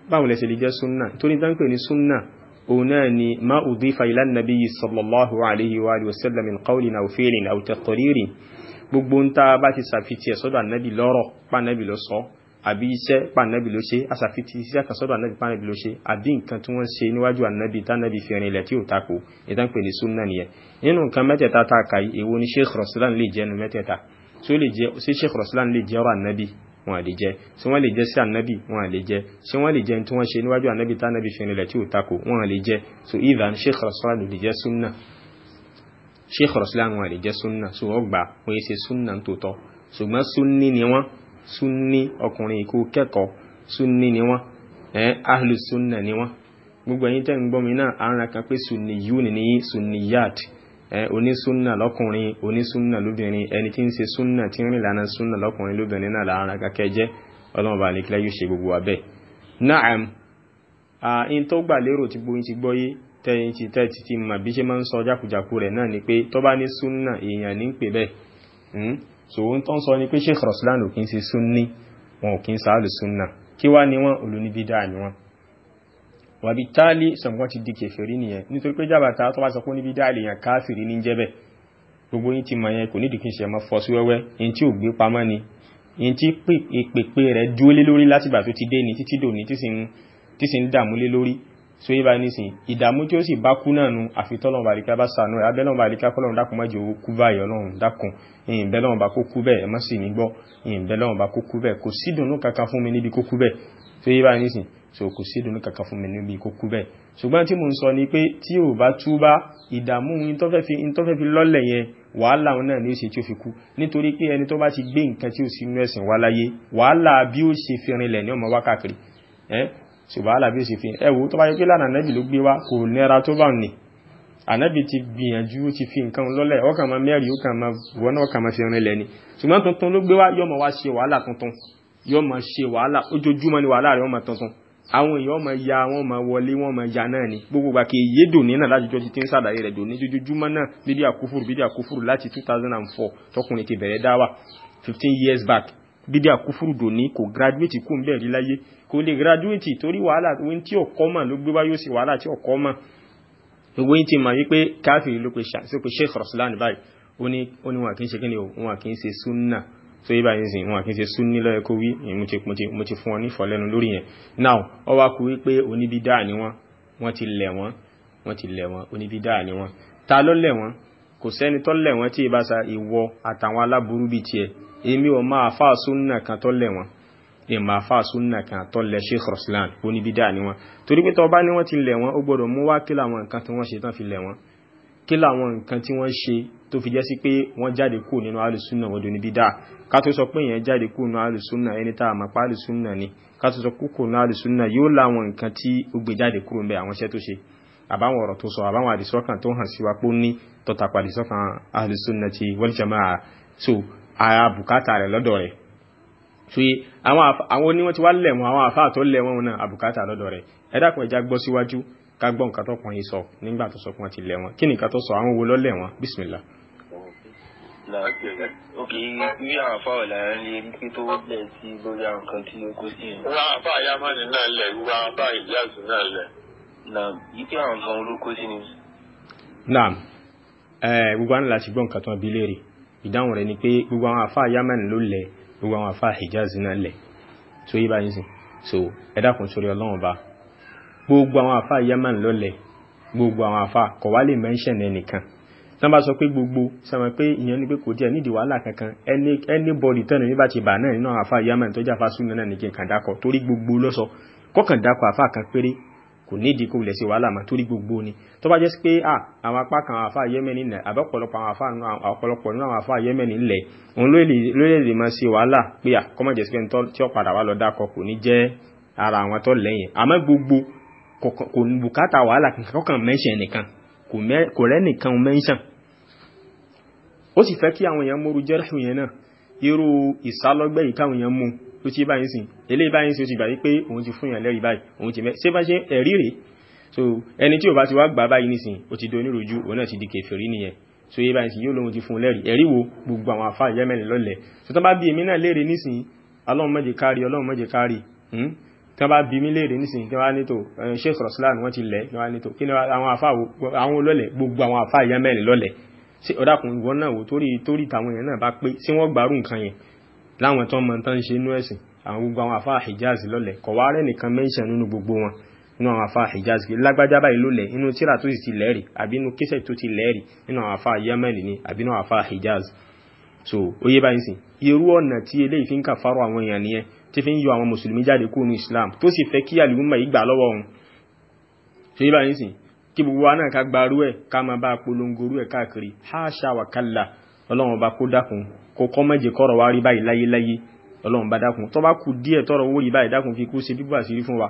A: báwo lẹ ṣe lè jẹ́ súnà tó ní dáńpé ní súnà òun náà ni ma udifa ila nabiyyi sallallahu alayhi wa sallam min qawlin aw fi'lin aw taqririn gbogbo ń tá a bá ti ṣàfitì ẹ̀ sọ́dọ̀ àbí iṣẹ́ pànẹ́bì ló ṣe àṣàfitì iṣẹ́ àkàsọ́dọ̀ ànẹ́bì pànẹ́bì ló ṣe àbí nǹkan tí wọ́n ṣe níwájú ànẹ́bì tánẹ́bì fi rìnlẹ̀ tí ò tako ìtànpè ní súnà nìyẹn nínú nǹkan mẹ́tẹ̀ẹ̀ta tá a kà yìí èwo ni sheikh rasulan lè jẹ́ nu mẹ́tẹ̀ẹ̀ta tí ó lè jẹ́ ṣé sheikh rasulan lè jẹ́ ọ̀rọ̀ ànẹ́bì wọn à lè jẹ ṣé wọ́n lè jẹ́ sí ànẹ́bì wọn à lè jẹ ṣé wọ́n lè jẹ́ tí wọ́n ṣe níwájú ànẹ́bì tánẹ́bì fi rìnlẹ̀ tí ò tako wọn à lè jẹ so either sheikh rasulan lè jẹ́ súnà sheikh rasulan wọn à lè jẹ́ súnà so wọ́n gbà wọ́n yẹ ṣe súnà tó tọ́ ṣùgbọ́n súnni ni wọ́n sunni ọkùnrin ìkó kẹ́kọ̀ọ́ sunni ni wọ́n ẹ̀ ahlu ni wọ́n gbogbo ẹ̀yin tẹ́ ń gbọ́ mi náà ara kan pé ni yín súnní yáàdì ẹ̀ onísúnnà lọ́kùnrin onísúnnà lóbìnrin ẹni tí ń ṣe súnnà tí ń rìn lànà súnnà lọ́kùnrin lóbìnrin náà lára kan kẹjẹ́ ọlọ́run bá nìkílẹ̀ yóò ṣe gbogbo wa bẹ́ẹ̀ naam in tó gbà lérò tí gbóyin ti gbọ́ tẹ́yìn ti tẹ́ ti ti bí ṣe máa ń sọ jákujàku rẹ̀ náà ni pé bá ní sunna èèyàn ní so ohun tó ń sọ ni pé Sheikh Raslan ò kí ń ṣe sunni wọn ò kí ń sáàlù sunna kí wá ní wọn olóníbídà ni wọn wàbí táàlì sọ̀gbọ́n ti di kèfèrí nìyẹn nítorí pé jàbàtà tó bá sọ pé oníbídà lè yàn káfìrí ní jẹ́bẹ̀ gbogbo yín ti mọ̀ yẹn kò nídìí kí n ṣe mọ́ fọ́ sí wẹ́wẹ́ yín tí ò gbé pamọ́ ni yín tí pèpè rẹ̀ dúólé lórí látìgbà tó ti dé ni títí dòní tí sì ń dààmú lé lórí so yíba nísìn ìdààmú tí ó sì bá kú náà nu àfitọ́lọ́n bàríkà bá sànú rẹ̀ abẹ́lọ́n bàríkà kọ́lọ́n dákun mọ́jọ owó kú báyọ̀ lọ́run dákun ìyìnbẹ́lọ́n bá kó kú bẹ́ẹ̀ ẹ̀mọ́ sì ní gbọ́ ìyìnbẹ́lọ́n bá kó kú bẹ́ẹ̀ kò sí dùnú kankan fún mi níbi kó kú bẹ́ẹ̀ so yíba nísìn so kò sí kankan fún mi níbi kó kú bẹ́ẹ̀ ṣùgbọ́n tí mo ń sọ ni pé tí ò bá túbá ìdààmú ìtọ́fẹ́ fi lọ́lẹ̀ yẹn wàhálà òun náà ni ó ṣe tí ó fi kú nítorí pé ẹni tó bá ti gbé nǹkan tí ó sì nú ẹ̀sìn wá láyé wàhálà bí ó ṣe fi rinlẹ̀ ní ọmọ wákàkiri ṣùgbọ́n alábí sì fi ẹwù tó bá yẹ kí lánà ànábì ló gbé wá kò nẹ́ra tó bá ní ànábì ti gbìyànjú ó ti fi nǹkan lọ́lẹ̀ ọkàn máa mẹ́rin ó kàn máa wọ́n náà kàn máa fi rinlẹ̀ ni ṣùgbọ́n tuntun ló gbé wá yọ́ máa wá ṣe wàhálà tuntun yọ́ máa ṣe wàhálà ojoojúmọ́ ni wàhálà rẹ̀ wọ́n máa tuntun àwọn èèyàn máa ya wọ́n máa wọlé wọ́n máa ya náà ni gbogbo gbà kí iye dòní náà láti jọ́ ti ti ń sàdáyé rẹ̀ dòní jojoojúmọ́ náà bídí àkúfùrù bídí àkúfùrù láti 2004 tọkùnrin ti bẹ̀rẹ̀ dáwà 15 years back bídí àkúfúrú dòní kò graduate kú ń bẹ̀ rí láyé kò lè graduate torí wàhálà wọ́n tí ọ̀kọ́ mọ̀ ló gbé wáyé ó sì wàhálà tí ọ̀kọ́ mọ̀ gbogbo yín ti mọ̀ wípé káfíìrì ló pe Sheikh Raslan báyìí ó ní wọn kì í ṣe kí ni wọn kì í ṣe súnà tó yí báyìí sìn wọn kì í ṣe súnni lọ́yẹ kó wí mo ti fún ọ ní ìfọ̀lẹ́nu lórí yẹn now ọ wá kú wípé oníbídà ni wọn wọn ti lẹ̀ wọn wọn ti lẹ̀ wọn oníbídà ni wọn ta ló lẹ̀ wọn kò sẹ́ni tọ́lẹ̀ wọn tí ìbá sa ìwọ àtàwọn aláburú bíi tiẹ̀ èmi ò máa fà súnà kan tọ́lẹ̀ wọn èmi máa fà súnà kan tọ́lẹ̀ Sheikh Ruslan oníbídà ni wọn torí pé tọba ni wọn ti lẹ̀ wọn ó gbọ́dọ̀ mú wá kí làwọn nǹkan tí wọ́n ṣe tán fi lẹ̀ wọn kí làwọn nǹkan tí wọ́n ṣe tó fi jẹ́ sí pé wọ́n jáde kúrò nínú alùsùnà wọn dòní ká tó sọ pé èèyàn jáde kúrò nínú alùsùnà ẹni tá a mọ̀ pa alùsùnà ni ká tó sọ kúrò nínú alùsùnà yóò láwọn nǹkan tí ó gbé jáde kúrò ń àwọn iṣẹ́ tó ṣe àbáwọn ọ̀rọ̀ tó sọ àbáwọn àdìsọ́kàn tó hàn sí wa pó ní tọ́tàpá àdìsọ́kàn ahlùsúnnàtì wal jamaa so ara bùkátà rẹ̀ lọ́dọ̀ rẹ̀ so àwọn oníwọ́n ti wá lẹ̀ wọn àwọn àfáà tó lẹ̀ wọn náà àbùkátà lọ́dọ̀ rẹ̀ ẹ dákun ẹja gbọ́ síwájú ká gbọ́ nǹkan tọ́kùn yìí sọ lẹ̀ wọn kí ni nǹkan
B: náà lẹ̀ naam yìí ni.
A: naam gbogbo àwọn láti gbọ́ nǹkan tó ń bi léèrè ìdáhùn rẹ̀ ni pé gbogbo àwọn àfa Yemen ló lẹ̀ gbogbo àwọn àfa Hijaz náà lẹ̀ tó yé báyìí sìn so ẹ dákun sórí ọlọ́run ba gbogbo àwọn àfa Yemen ló lẹ̀ gbogbo àwọn àfa kò wá lè mẹ́ńṣẹ̀n ẹnìkan tán bá sọ pé gbogbo sọmọ pé ìyẹn ni pé kò díẹ̀ nídìí wàhálà kankan anybody tẹ́nu nígbà tí bà náà nínú àwọn àfa Yemen tó jẹ́ àfa súnmọ́ náà nìkan kàn dákọ̀ torí gbogbo lọ́sọ kọ́kàn dákọ̀ àfa kan péré kò nídìí kó lè ṣe wàhálà mà torí gbogbo ni tó bá jẹ́ sí pé àwọn apá kan àwọn afá yẹ́mẹ́ni nà àbẹ́ ọ̀pọ̀lọpọ̀ àwọn afá ọ̀pọ̀lọpọ̀ nínú àwọn afá yẹ́mẹ́ni lẹ̀ òun ló lè lè máa ṣe wàhálà pé àkọ́mọ̀ jẹ́ sí pé tí ó padà wá lọ dákọ̀ kò ní jẹ́ ara àwọn tó lẹ́yìn àmọ́ gbogbo kò bùkátà wàhálà kankan mẹ́ṣẹ̀ nìkan kò rẹ́ nìkan mẹ́ṣàn ó sì fẹ́ kí àwọn èèyàn mórú jẹ́rìí yẹn náà irú ìsálọ́gbẹ́ yìí káwọn èèyàn mú tó ti báyìí sìn eléyìí báyìí sìn ó ti gbà wípé òun ti fún yàn lẹ́rìí báyìí òun ti mẹ́ ṣé bá ṣe ẹ̀rí rèé so ẹni tí ò bá ti wá gbà báyìí nísìn ó ti do oníròjú òun náà ti di kèfèrí nìyẹn so yé báyìí sí yóò lóhun ti fún lẹ́rìí ẹ̀rí wo gbogbo àwọn àfáà Yemen lọ́lẹ̀ so tán bá bí èmi náà léèrè nísìn Ọlọ́run má jẹ́ kárí Ọlọ́run má jẹ́ kárí hmm? tán bá bí mi léèrè nísìn kí wọ́n á nítò Sheikh Raslan wọ́n ti lẹ̀ kí wọ́n á nítò kí ni àwọn àfáà àwọn olólẹ̀ gbogbo àwọn àfáà Yemen lọ́lẹ̀ sí ọ̀dàkùn náà wò torí torí tàwọn èèyàn náà bá pé sí wọ́n gbárù nǹkan yẹn láwọn tó mọ̀ tán ṣe inú ẹ̀sìn àwọn gbogbo àwọn afá hijaz lọ́lẹ̀ kọ̀ wá rẹ̀ nìkan mẹ́ṣẹ̀ nínú gbogbo wọn nínú àwọn afá hijaz pé lágbájá báyìí lólẹ̀ inú tíra tó sì ti lẹ́rì àbí inú kíṣẹ̀ tó ti lẹ́rì nínú àwọn afá yamani ni àbí inú àwọn afá hijaz so ó yé báyìí sìn irú ọ̀nà tí eléyìí fi ń kàfàrọ̀ àwọn èèyàn nìyẹn tí fi ń yọ àwọn mùsùlùmí jáde kúrò ní islam tó sì fẹ́ kí àlùmọ̀ yìí gbà lọ́wọ́ ọlọ́run ọba kó dákun kó kọ́ mẹ́jẹ kọ́rọ̀ wá rí báyìí láyéláyé ọlọ́run bá dákun tó bá kù díẹ̀ tọrọ owó rí báyìí dákun fi kú ṣe bíbú àṣírí fún wa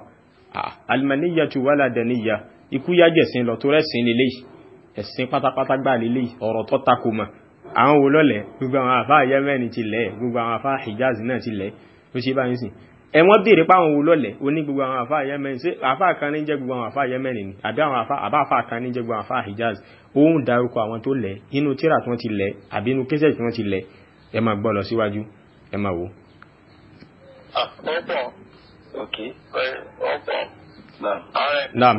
A: alimaniya tu wàhálà dẹ̀niya ikú yájẹ̀ sin lọ tó rẹ̀sìn lélẹ́yìí ẹ̀sìn pátápátá gbà lélẹ́yìí ọ̀rọ̀ tó takò mọ̀ àwọn wo lọ́lẹ̀ gbogbo àwọn àfáà yẹ́mẹ́ni ti lẹ̀ gbogbo àwọn àfáà hijaz náà ti lẹ̀ ó ṣe báyìí sìn ẹ̀wọ́n béèrè páwọn wo lọ́lẹ̀ oní gbogbo àwọn àfáà yemen ṣé àfáà kan ní jẹ́ gbogbo àwọn àfáà yemen ni àbí àwọn àbáfáà kan ní jẹ́ gbogbo àwọn àfáà hijaz òun dárúkọ àwọn tó lẹ̀ inú tíra tí wọ́n ti lẹ̀ àbí inú kéṣẹ̀ tí wọ́n ti lẹ̀ ẹ máa gbọ́ lọ síwájú ẹ máa wò. Ah,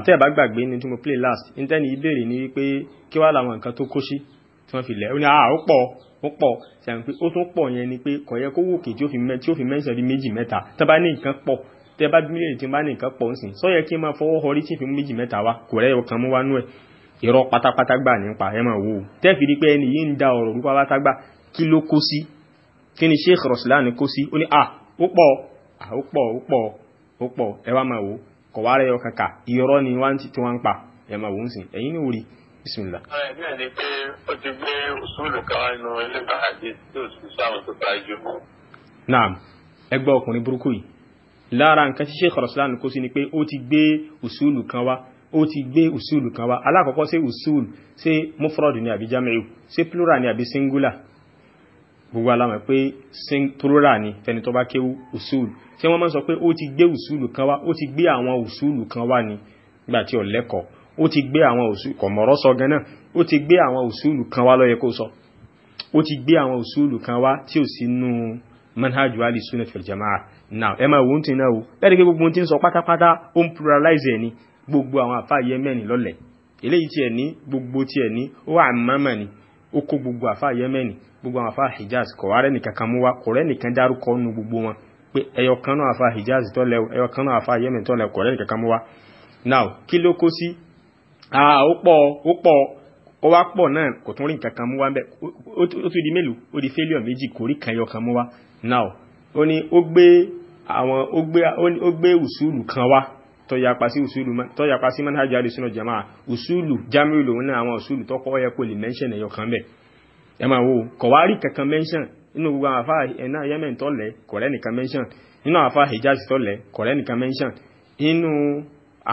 A: tẹ́ ẹ bá gbàgbé ni tí mo play last intanet ìbéèrè ni wípé kí wàá làwọn nǹkan tó kó sí tí wọ́n fi lẹ̀ ó ní àá ah, pọ̀ ó pọ̀ ṣàmì pé ó tún pọ̀ yẹn ni pé kò yẹ kó wò kè tí ó fi mẹ́sàn bí méjì mẹ́ta tó bá ní nǹkan pọ̀ tẹ́ bá bí méjì tí ó bá ní nǹkan pọ̀ nsìn sọ yẹ kí n máa fọwọ́ họrí tí ì fi mú méjì mẹ́ta wá kò rẹ́ ọkàn mú wá nú ẹ̀ irọ́ pátápátá gbà nípa ẹ̀ máa wò ó tẹ́ fi rí pé ẹni yìí ń da ọ̀rọ̀ rú pátá gbà kí ló kó sí kí ni Sheikh Raslan kó sí ó ní à ó pọ̀ ó pọ̀ ó pọ̀ ó pọ̀ ẹ wá máa wò ó kọ̀ rẹ̀ ọkàn kà ni wá ń ti tí ń pa ẹ máa wò ó ń sìn ẹ̀yin ní orí bisimila.
B: ẹ náà ni pé ó ti gbé sùúrù kan nínú ilé bàjẹ́ tó sì sáwọn tó ṣáájú.
A: naam ẹ gbọ́ ọkùnrin burúkú yìí lára nǹkan tí Sheikh Ruslan kó sí ni pé ó ti gbé usulu kan wá ó ti gbé usulu kan wá alákọ̀ọ́kọ́ sí usul ṣé mufrod ni àbí jamiu ṣé plural ni àbí singular gbogbo alamọ̀ pé plural ni fẹni tó bá kéwú usul ṣé wọ́n máa ń sọ pé ó ti gbé usulu kan wá ó ti gbé àwọn usulu kan wá ni nígbà tí ó lẹ́kọ̀ọ́ ó ti gbé àwọn òṣù kọ̀mọ̀rọ̀ sọ gan náà ó ti gbé àwọn òṣùlù kan wá lọ́yẹ kó sọ ó ti gbé àwọn òṣùlù kan wá tí ò sí nú manhaju ali sunna fil now ẹ máa wo ń tin náà o lẹ́yìn pé pluralize ẹ̀ ní gbogbo àwọn àfa yẹmẹ́ni lọ́lẹ̀ eléyìí tiẹ̀ ní ni ó kó gbogbo àfa yẹmẹ́ni gbogbo hijaz kọ̀ wá rẹ́nìkan kan mú wá kọ̀ rẹ́nìkan dárúkọ nu gbogbo wọn pé ẹyọ kan náà àfa hijaz tọ́lẹ̀ ẹyọ kan náà àfa tọ́lẹ̀ kọ̀ rẹ́nìkan now kí ló kó sí ah ó pọ̀ ó pọ̀ ó wá pọ̀ náà kò tún rí nǹkan kan mú wá ó tún di mélòó ó di failure méjì kò rí kan yọ kan mú wá now ó ní ó gbé àwọn ó gbé ó gbé usulu kan wá yapa sí usulu tó yapa sí manhaj jamaa usulu jamiu lòun náà usulu mention ẹ̀yọ kan kankan mention nínú gbogbo àwọn ẹ̀nà Yemen tọ́lẹ̀ kọ̀rẹ́ nìkan mention nínú àwọn Hijaz tọ́lẹ̀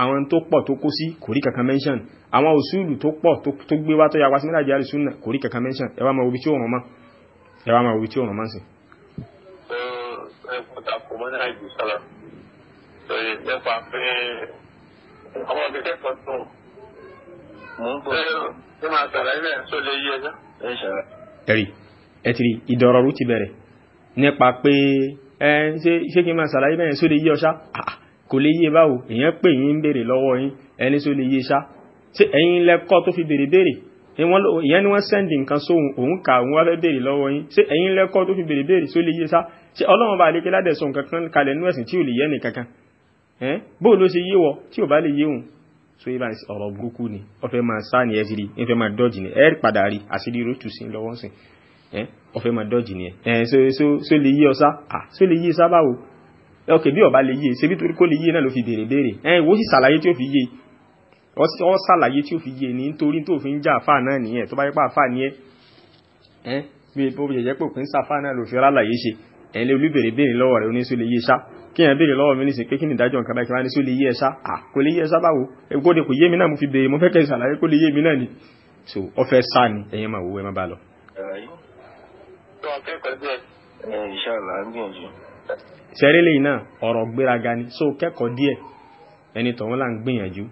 A: àwọn tó pọ̀ tó kó sí kò rí kankan mention àwọn òṣùlù tó pọ̀ tó gbé wá tó yà wá sí mílàjì àrísúnà kò rí kankan mention ẹ wá máa obi tí ó ràn mọ́ ẹ wá máa obi tí ó ràn mọ́ sí. ẹ̀rí ẹ ti rí ìdọ̀rọ̀rú ti bẹ̀rẹ̀ nípa pé ẹ ṣé kí n máa ṣàlàyé bẹ́ẹ̀ sóde yí ọṣá kò lè yé báwo èèyàn pè yín ń béèrè lọ́wọ́ yín ẹni tó lè yé ṣá ṣé ẹ̀yin lẹ́kọ́ tó fi béèrè béèrè ìyẹn ni wọ́n sẹ́ndì nǹkan sóhun òun kà òun wá fẹ́ béèrè lọ́wọ́ yín ṣé ẹ̀yin lẹ́kọ́ tó fi béèrè béèrè tó lè yé ṣá ṣé ọlọ́run bá lékè ládẹ̀ sọ nǹkan kan kalẹ̀ nú ẹ̀sìn tí ò lè yé ẹnì kankan bóò ló ṣe yé wọ tí ò bá lè yé òun so ibà ọ̀rọ̀ burúkú ni wọ́n fẹ́ máa sá ni ẹ ti rí wọ́n fẹ́ máa dọ́jì ni ẹ padà rí àṣírí rótù sí lọ́wọ́ sìn wọ́n fẹ́ máa dọ́jì ni ẹ so lè yí ọ sá so lè yí sá báwo ok bí ọba lè yé ṣe bí torí kó lè yé náà ló fi béèrè béèrè ẹ wo sì ṣàlàyé tí ó fi yé ọ ṣàlàyé tí ó fi yé ní nítorí tó fi ń jà àfà náà nìyẹn tó bá yẹ pé àfà ni ẹ ẹ bí bó yẹ jẹ pé òpin ṣàfà náà ló fi rálàyé ṣe ẹ lé olúbèrè béèrè lọ́wọ́ rẹ oníṣó lè yé ṣá kí ẹ béèrè lọ́wọ́ mi ní sìn pé kí ni ìdájọ́ nǹkan báyìí kí wọn ní sọ lè yé ẹ ṣá à kò lè yé ẹ ṣá báwo egbòde kò yé mi náà mo fi béèrè mo fẹ́ kẹ́ ṣàlàyé kó lè yé mi náà ni so ọfẹ ṣá ni ẹ̀yin máa wò ẹ má bá lọ.
B: Inshallah ń gbìyànjú
A: sẹ́rílẹ̀ náà ọ̀rọ̀ gbéraga ni so kẹ́kọ̀ọ́ díẹ̀ ẹni tọ̀wọ́n là ń gbìyànjú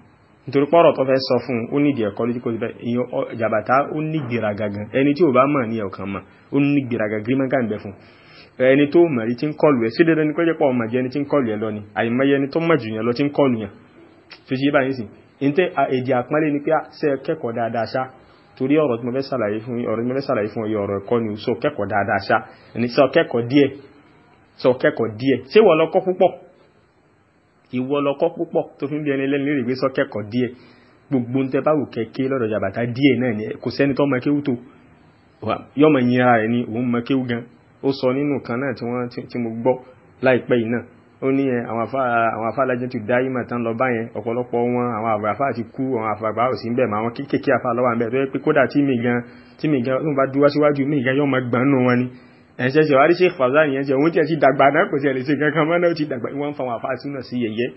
A: nítorí pọ́rọ̀ tó fẹ́ sọ fún un ó nídìí ẹ̀kọ́ lójú kó ti fẹ́ ìyàn jàbàtà ó ní gbéraga gan ẹni tí ò bá mọ̀ ní ọ̀kan mọ̀ ó ní gbéraga gírímọ́gà ń bẹ fún ẹni tó mọ̀ rí tí ń kọlù ẹ sí dandan ni kọ́jọ́pọ̀ ọmọ jẹ́ ẹni tí ń kọlù ẹ lọ ni àìmọye ẹni tó mọ̀ jù yẹn lọ tí ń kọlù yẹn tó ṣe báyìí sìn ìtẹ́ èdè àpọ́nlé ni pé ṣe kẹ́kọ̀ọ́ dáadáa ṣá torí ọ̀rọ̀ tí mo fẹ́ ṣàlàyé fún ọ̀rọ̀ tí mo fẹ́ ṣàlàyé fún ọ̀rọ̀ ẹ̀kọ́ ni so kẹ́kọ̀ọ́ dáadáa ṣá sọ kẹ́kọ̀ọ́ díẹ̀ ṣé wọ́n lọ kọ́ púpọ̀ ìwọ lọ kọ́ púpọ̀ tó fi ń bí ẹni lẹ́nu lè gbé sọ kẹ́kọ̀ọ́ díẹ̀ gbogbo ń tẹ́ bá wù kẹ́kẹ́ lọ́dọ̀ jàbàtà díẹ̀ náà ni kò sẹ́ni tó mọ kéwú tó yọmọ yin ara rẹ̀ ni òun mọ kéwú gan ó sọ nínú kan náà tí wọ́n ti mo gbọ́ láìpẹ́ yìí náà ó ní àwọn afáàlájẹ́ ti dá ìmọ̀ tán lọ báyẹn ọ̀pọ̀lọpọ̀ wọn àwọn àgbàfà ti kú àwọn àgbàgbà ò sí ń bẹ̀ mọ́ àwọn kéékèèké afáàlọ́wà ń bẹ̀ tó yẹ pé kódà tí mi gan tí mi gan tó bá dúró síwájú mi gan yọmọ gbọ́n nù wọn ni ẹ̀ṣẹ́ ṣe wá rí Sheikh Fawzan yẹn jẹ́ òun tí ẹ̀ ti dàgbà náà kò sí ẹ̀lẹ́ sí kankan mọ́ náà ti dàgbà wọ́n ń fa àwọn àfáà súnà sí yẹ̀yẹ́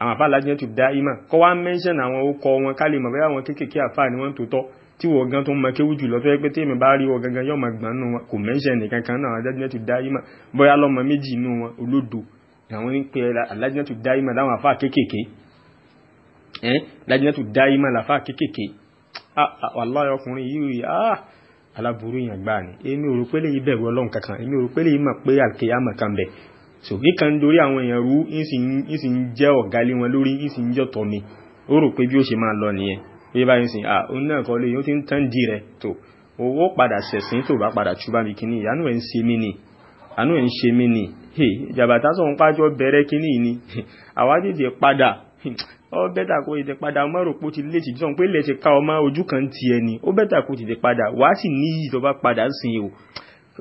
A: àwọn àfáà lájẹ́ tó dá ìmà kọ́ wá mẹ́ṣẹ̀n àwọn okọ̀ wọn kálí mọ̀ bẹ́ẹ̀ àwọn kéékèèké àfáà ni wọ́n tó tọ́ tí wọ́n gan tó mọ kéwú jùlọ tó yẹ pé tèmi bá rí wọ́n gangan yọ̀ mọ̀ gbọ́n nù wọn kò mẹ́ṣẹ̀n nìkan kan náà alájẹ́ tó dá ìmà bóyá lọ́mọ méjì nù wọn olódo àwọn ń pe alájẹ́ tó dá ìmà láwọn àfáà kéékèèké ẹ́ alájẹ́ tó dá ìmà láfáà kéékèèké ah, ah wàláyọ̀ ọkùnrin yìí ah aláburú yàn gbáà ni èmi ò rò pé léyìí bẹ̀rù ọlọ́run kankan èmi ò rò pé léyìí mọ̀ pé àlùkìyámà kan bẹ̀ so kíkan ń dorí àwọn èèyàn rú ń sì ń jẹ́ ọ̀gá lé wọn lórí ń sì ń jẹ́ ọ̀tọ̀ mi ó rò pé bí ó ṣe máa lọ nìyẹn bí báyìí sìn à òun náà kọ́ léyìí ó ti ń tán di rẹ̀ tó owó padà ṣẹ̀sìn tó bá padà túbá mi kíní ìyanu ẹ̀ ń ṣe mí ni àánú ẹ̀ ń ṣe mí ni jàbàtà sọ̀rọ̀ pájọ bẹ̀rẹ̀ kíní ni àwa jèjì padà ó bẹ́tà kó tètè padà ọmọ rò pé ó ti lé tìjú sọ̀n pé lè ti ka ọmọ ojú kan ti ẹni ó bẹ́tà kó tètè padà wàá sì níyì tó bá padà sìn o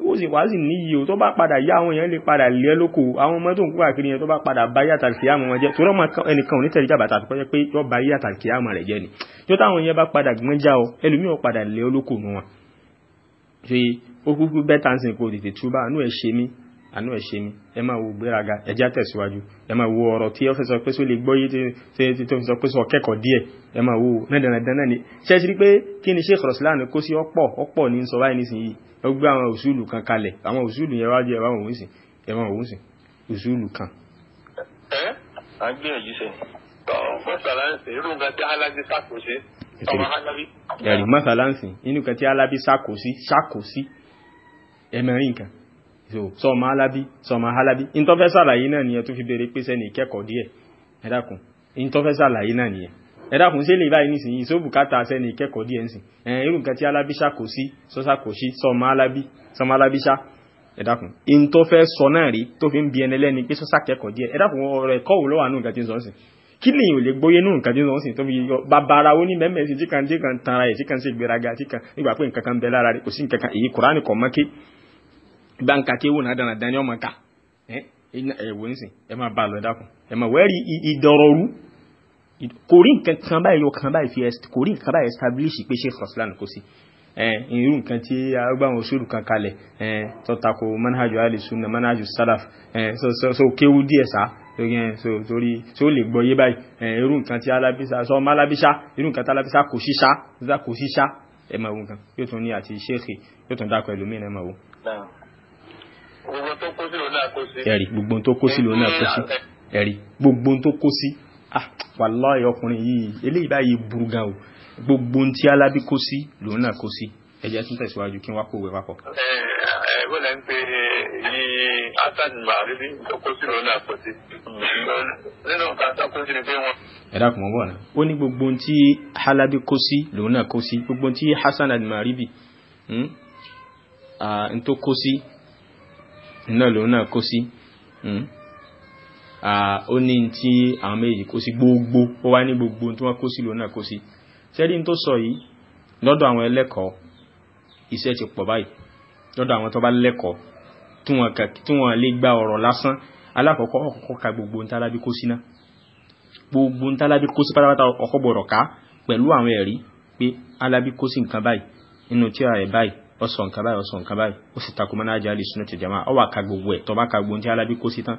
A: ó sì wàá sì níyì o tó bá padà yá àwọn èèyàn lè padà lé ẹ lóko àwọn ọmọ tó ń kú àkiri yẹn tó bá padà bá yàtà kí àmọ́ wọn jẹ tó rọ́mọ ẹnìkan ò ní tẹ̀lé jàbàtà tó kọjá pé yọ bá yàtà kí àmọ́ rẹ̀ jẹ ni tó táwọn yẹn bá padà gbọ́n já o ẹlòmíràn padà lé ẹ lóko nù wọn. ṣe ó kúkú bẹ́tà ń sìn kó tètè túbà àánú ẹ̀ ṣe mí àánú ẹ̀ ṣe mi ẹ máa wo gbéraga ẹjá tẹ̀síwájú ẹ máa wo ọ̀rọ̀ tí ó fẹ́ sọ pé só lè gbọ́ yí tí tó fi sọ pé sọ kẹ́kọ̀ọ́ díẹ̀ ẹ máa wo dandandan náà ni ṣe rí pé kí ni ṣe kọ̀rọ̀sílán kó sí ọ̀pọ̀ ọ̀pọ̀ ní sọ báyìí nísìnyí ó gbé àwọn òṣùlù kan kalẹ̀ àwọn òṣùlù yẹn wájú ẹ̀wọ̀n òun sì ẹ̀wọ̀n òun sì òṣùlù kan.
B: ẹ à ń gbìyànjú sẹ
A: ẹ̀rù mọ́sálásì inú kan tí alábí ṣàkóso ṣàkóso ẹ̀mẹ̀rin kan sọmọ alábí sọmọ alábí ìntọ́fẹ́ sàlàyé náà nìyẹn tó fi bèèrè pé sẹ́ni ìkẹ́kọ̀ọ́ díẹ̀ ẹ dákun ìntọ́fẹ́ sàlàyé náà nìyẹn ẹ dákun sí lè báyìí nísìnyí sóòbù káta sẹ́ni ìkẹ́kọ̀ọ́ díẹ̀ nsìn ẹ̀yìn irú nǹkan tí alábíṣà kò sí sọ́sà kò sí sọmọ alábí sọmọ alábíṣà ẹ dákun ìntọ́fẹ́ sọ náà rí tó fi ń bi ẹni lẹ́ni pé sọ́sà kẹ́kọ̀ọ́ díẹ̀ ẹ dákun ọ̀rọ̀ ẹ̀kọ́ wò lọ́wọ́ àánú nǹkan tí ń sọ nsìn kí ni ò lè gbóyé nù nǹkan tí ń sọ nsìn tó fi yọ babara ó ní mẹ́mẹ́sì tí kan tí kan tanra ẹ̀ tí kan ṣe gbéraga tí kan nígbà pé nǹkan kan bẹ lára rẹ̀ kò sí nǹkan kan èyí kùránì kọ̀ bá ń ka kéwò náà dáná dání ọmọ ká ẹ wò ń sìn ẹ máa bá a lọ dákun ẹ máa wẹ́ẹ̀rì ìdọ̀rọ̀rú kò rí nǹkan kan báyìí yọ kan báyìí fi kò rí nǹkan báyìí establish pé ṣe kọ̀sílánù kò sí irú nǹkan tí agbáwọn òṣèlú kan kalẹ̀ tọ́tako manhajú alisunna manhajú salaf so kéwú díẹ̀ sá torí tí ó lè gbọ́ yé báyìí irú nǹkan tí alábísà sọ ọmọ alábísà irú nǹkan tí alábísà kò ṣíṣá kò ṣíṣá ẹ máa wo nǹkan yóò tún ní àti ṣéèkì yóò tún dákọ̀ ẹlòmíràn ẹ máa wo gbogbo tó kó sí lòun náà kó sí. ẹ̀rí gbogbo tó kó sí lòun náà ah wàláhì ọkùnrin yìí eléyìí báyìí burú gan o gbogbo tí alábí kó sí lòun náà kó sí ẹ jẹ́ tún tẹ̀síwájú kí wọ́n kó wẹ̀ papọ̀. ẹ ẹ
B: bọ́lá ń pe yìí àtàdùnmọ̀ àrídí tó kó sí lòun
A: náà kó hmm. nínú nǹkan kó sí ni pé wọ́n ẹ̀dá kùmọ̀ bọ̀ náà ó ní gbogbo tí halabi kó sí lòun náà kó sí gbogbo tí Hasan al-Maribi hmm, tó kó sí náà lòun náà kó sí hmm. ó ní tí àwọn méjì kó sí gbogbo ó wá ní gbogbo tí wọ́n kó sí lòun náà kó sí sẹ́rí tó sọ yìí lọ́dọ̀ àwọn ẹlẹ́kọ̀ọ́ iṣẹ́ ti pọ̀ báyìí lọ́dọ̀ àwọn tó bá lẹ́kọ̀ọ́ tí wọ́n lè gba ọ̀rọ̀ lásán alákọ̀ọ́kọ́ ọ̀kọ̀ọ̀kọ́ ka gbogbo ń tálábí kó síná gbogbo ń tálábí kó sí pátápátá ọkọ̀ gbọ̀rọ̀ ká pẹ̀lú àwọn ẹ̀rí pé alábí kó sí nǹkan báyìí nínú tíra rẹ̀ báyìí ó sọ nǹkan báyìí ó sọ nǹkan báyìí ó sì takò mọ́nà àjẹ́ àlè sunnati jamaa ó wà ka gbogbo ẹ̀ tó bá ka gbogbo ní alábí kó sí tán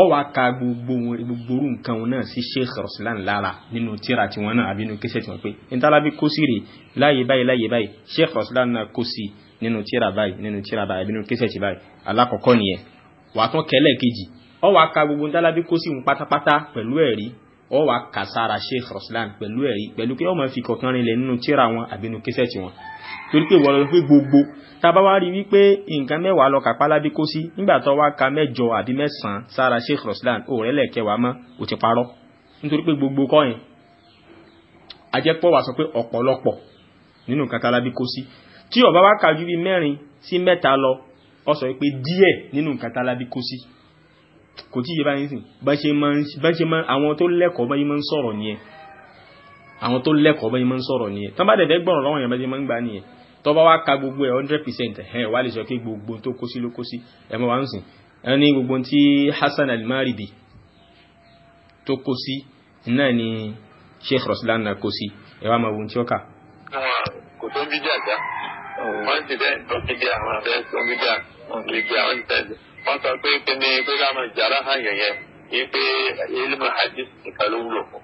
A: ó wà ka gbogbo gbogbo orú nǹkan wọn náà sí Sheikh Raslan lára nínú tíra tiwọn náà àbí nínú kíṣẹ́ tiwọn pé ní alábí kó sí rè láyé báyìí láyé báyìí Sheikh Raslan náà kó sí nínú tíra báyìí nínú tíra báyìí àbí nínú kíṣẹ́ ti báyìí alákọ̀ọ́kọ́ nìyẹn wà á tán kẹlẹ́ kejì ọ wà kàsára sheikh raslan pẹ̀lú ẹ̀rí pẹ̀lú kí ọmọ fi kọ̀kan rinlẹ̀ nínú tíra wọn àbínú kíṣẹ́ tí wọn torí pé wọ́n lọ pé gbogbo tábà wá rí wípé nǹkan mẹ́wàá lọ kàpá lábí kó sí nígbà tó wá ka mẹ́jọ àbí mẹ́sàn-án sára sheikh raslan ó rẹ́lẹ̀ kẹwàá mọ́ ó ti parọ́ nítorí pé gbogbo kọ́ yẹn ajẹ́pọ̀ wà sọ pé ọ̀pọ̀lọpọ̀ nínú kàkà lábí kó sí tí ó wá kà ju mẹ́rin sí mẹ́ta lọ ó sọ pé díẹ̀ nínú kàkà lábí kó sí kò tí yé bá yín sìn bá ṣe máa àwọn tó lẹ́kọ̀ọ́ bá yín máa ń sọ̀rọ̀ nìyẹn àwọn tó lẹ́kọ̀ọ́ bá yín máa ń sọ̀rọ̀ nìyẹn tán bá dẹ̀dẹ̀ gbọ̀rọ̀ lọ́wọ́ yẹn bá yín máa ń gbà nìyẹn tó bá wá ka gbogbo ẹ̀ hundred percent ẹ̀ wá lè sọ pé gbogbo tó kó sí ló kó sí ẹ̀ mọ̀ wá ń sìn ẹ̀ ní gbogbo tí Hasan al-Maribi tó kó sí náà ni Sheikh Ruslan náà kó sí ẹ̀ wá máa wo tí ó kà.
B: kò tó bí díà dá wọ́n sọ pé kíni pé ká máa jàrá hàn yẹn yẹn yìí pé ilmu hadith
A: nìkan ló wúlò fún.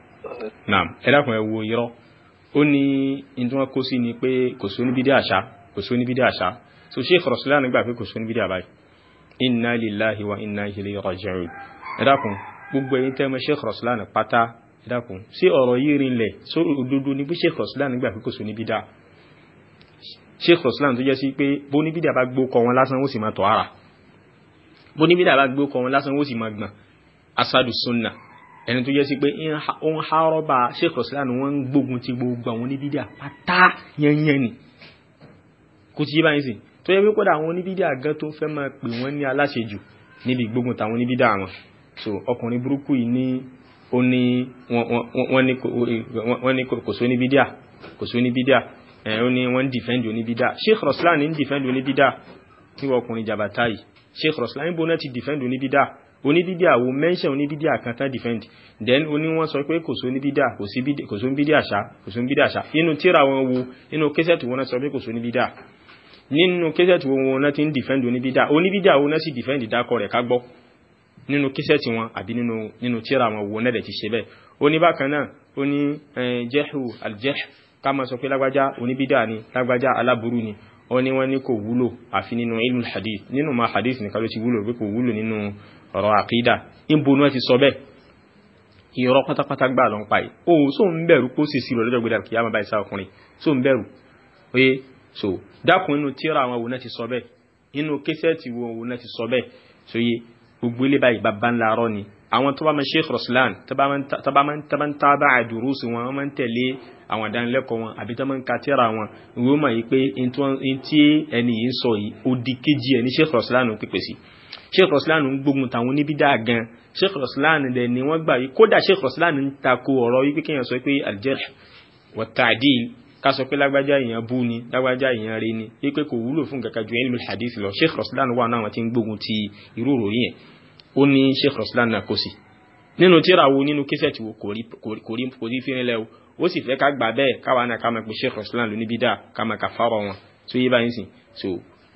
A: naam ẹ dákun ẹ wo irọ́ ó ní ní tí wọ́n kó sí ni pé kò sí oníbídé àṣà kò sí oníbídé àṣà so sheikh rasulillah nígbà pé kò sí oníbídé àbáyé inna lillahi wa inna ilayhi raji'un ẹ dákun gbogbo ẹ̀yin tẹ́ mọ̀ sheikh rasulillah pátá ẹ dákun sí ọ̀rọ̀ yìí rinlẹ̀ só òdodo ni bí sheikh rasulillah nígbà pé kò sí oníbídé sheikh rasulillah tó jẹ́ sí pé bó oníbídé àbá gbó kọ wọn lásán ó sì máa tọ̀ ara bó níbi dàbá gbé ọkọ̀ wọn lásán ó sì máa gbọ̀n asadu sunna ẹni tó jẹ́ sí pé ó ń há rọ́bà sheikh islam wọ́n ń gbógun ti gbogbo àwọn oníbídà pátá yẹnyẹn ni kò ti yé báyìí sí tó yẹ wípé àwọn oníbídà gan tó fẹ́ máa pè wọ́n ní aláṣejù níbi ìgbógun tàwọn oníbídà wọn so ọkùnrin burúkú yìí ní ó ní wọ́n ní kò sí oníbídà kò sí oníbídà ẹ̀ ó ní wọ́n ń dìfẹ́ǹdì oníbídà sheikh islam ń dìfẹ́ǹdì oníbídà níwọ̀ ọkùnrin jàbátá yìí sheikh roslain bona ti defend oníbídà oníbídíà wo mention oníbídíà kan tán defend then oní wọ́n sọ pé kò sí oníbídíà kò sí bídíà ṣá kò sí bídíà ṣá inú tíra wọn wo inú kẹsẹ̀tì wọn sọ pé kò sí oníbídíà nínú kẹsẹ̀tì wọn wọn ti ń defend oníbídíà oníbídíà wọn sì defend dákọ rẹ̀ ká gbọ́ nínú kẹsẹ̀tì wọn àbí nínú nínú tíra wọn wo nẹ́lẹ̀ ti ṣe bẹ́ẹ̀ oni náà oní eh, jẹ́hù aljẹ́hù ká máa sọ pé lágbájá oníbídíà ni lágbájá aláburú ni ó ní wọ́n ní kò wúlò àfi nínú ilmu hadith nínú ma hadith nìkan ló ti wúlò pé kò wúlò nínú ọ̀rọ̀ àkídà níbo ni wọ́n ti sọ bẹ́ẹ̀ ìrọ̀ pátápátá gbà ló ń pa yìí o so ń bẹ̀rù kó sì sírò lọ́jọ́ so ń oye so dákun inú tíra àwọn òun náà ti sọ bẹ́ẹ̀ inú késẹ́ẹ̀tì so yé gbogbo ilé àwọn tó bá mọ sheikh roslan tó bá ń tábà àdúrósì wọn wọ́n máa ń tẹ̀lé àwọn ìdánilẹ́kọ̀ọ́ wọn àbí tó máa ń ka tírà wọn ìwé mọ̀ yìí pé n tí ẹni yìí ń sọ yìí ó di kejì ẹni sheikh roslan ń pèpè sí sheikh roslan ń gbógun tàwọn oníbídà gan sheikh roslan dẹ̀ ni wọ́n gbà yìí kódà sheikh roslan ń tako ọ̀rọ̀ yìí pé kéèyàn sọ pé aljerh wa ta'dil ká sọ pé lágbájá èèyàn ni lágbájá èèyàn re ni pé kò wúlò fún kankan ju ilmul hadith lọ sheikh roslan wà náà wọn ti ń gbógun ti irú òròyìn yẹn ó ní sheikh ruslan nakosi nínú tíra wo nínú kẹsẹ̀tì wo kò rí kò rí fírin lẹ́wọ̀ ó sì fẹ́ ká gbà bẹ́ẹ̀ káwa náà ká máa pe sheikh ruslan lóní bídà ká máa kà fárọ̀ wọn tó yé báyìí sìn so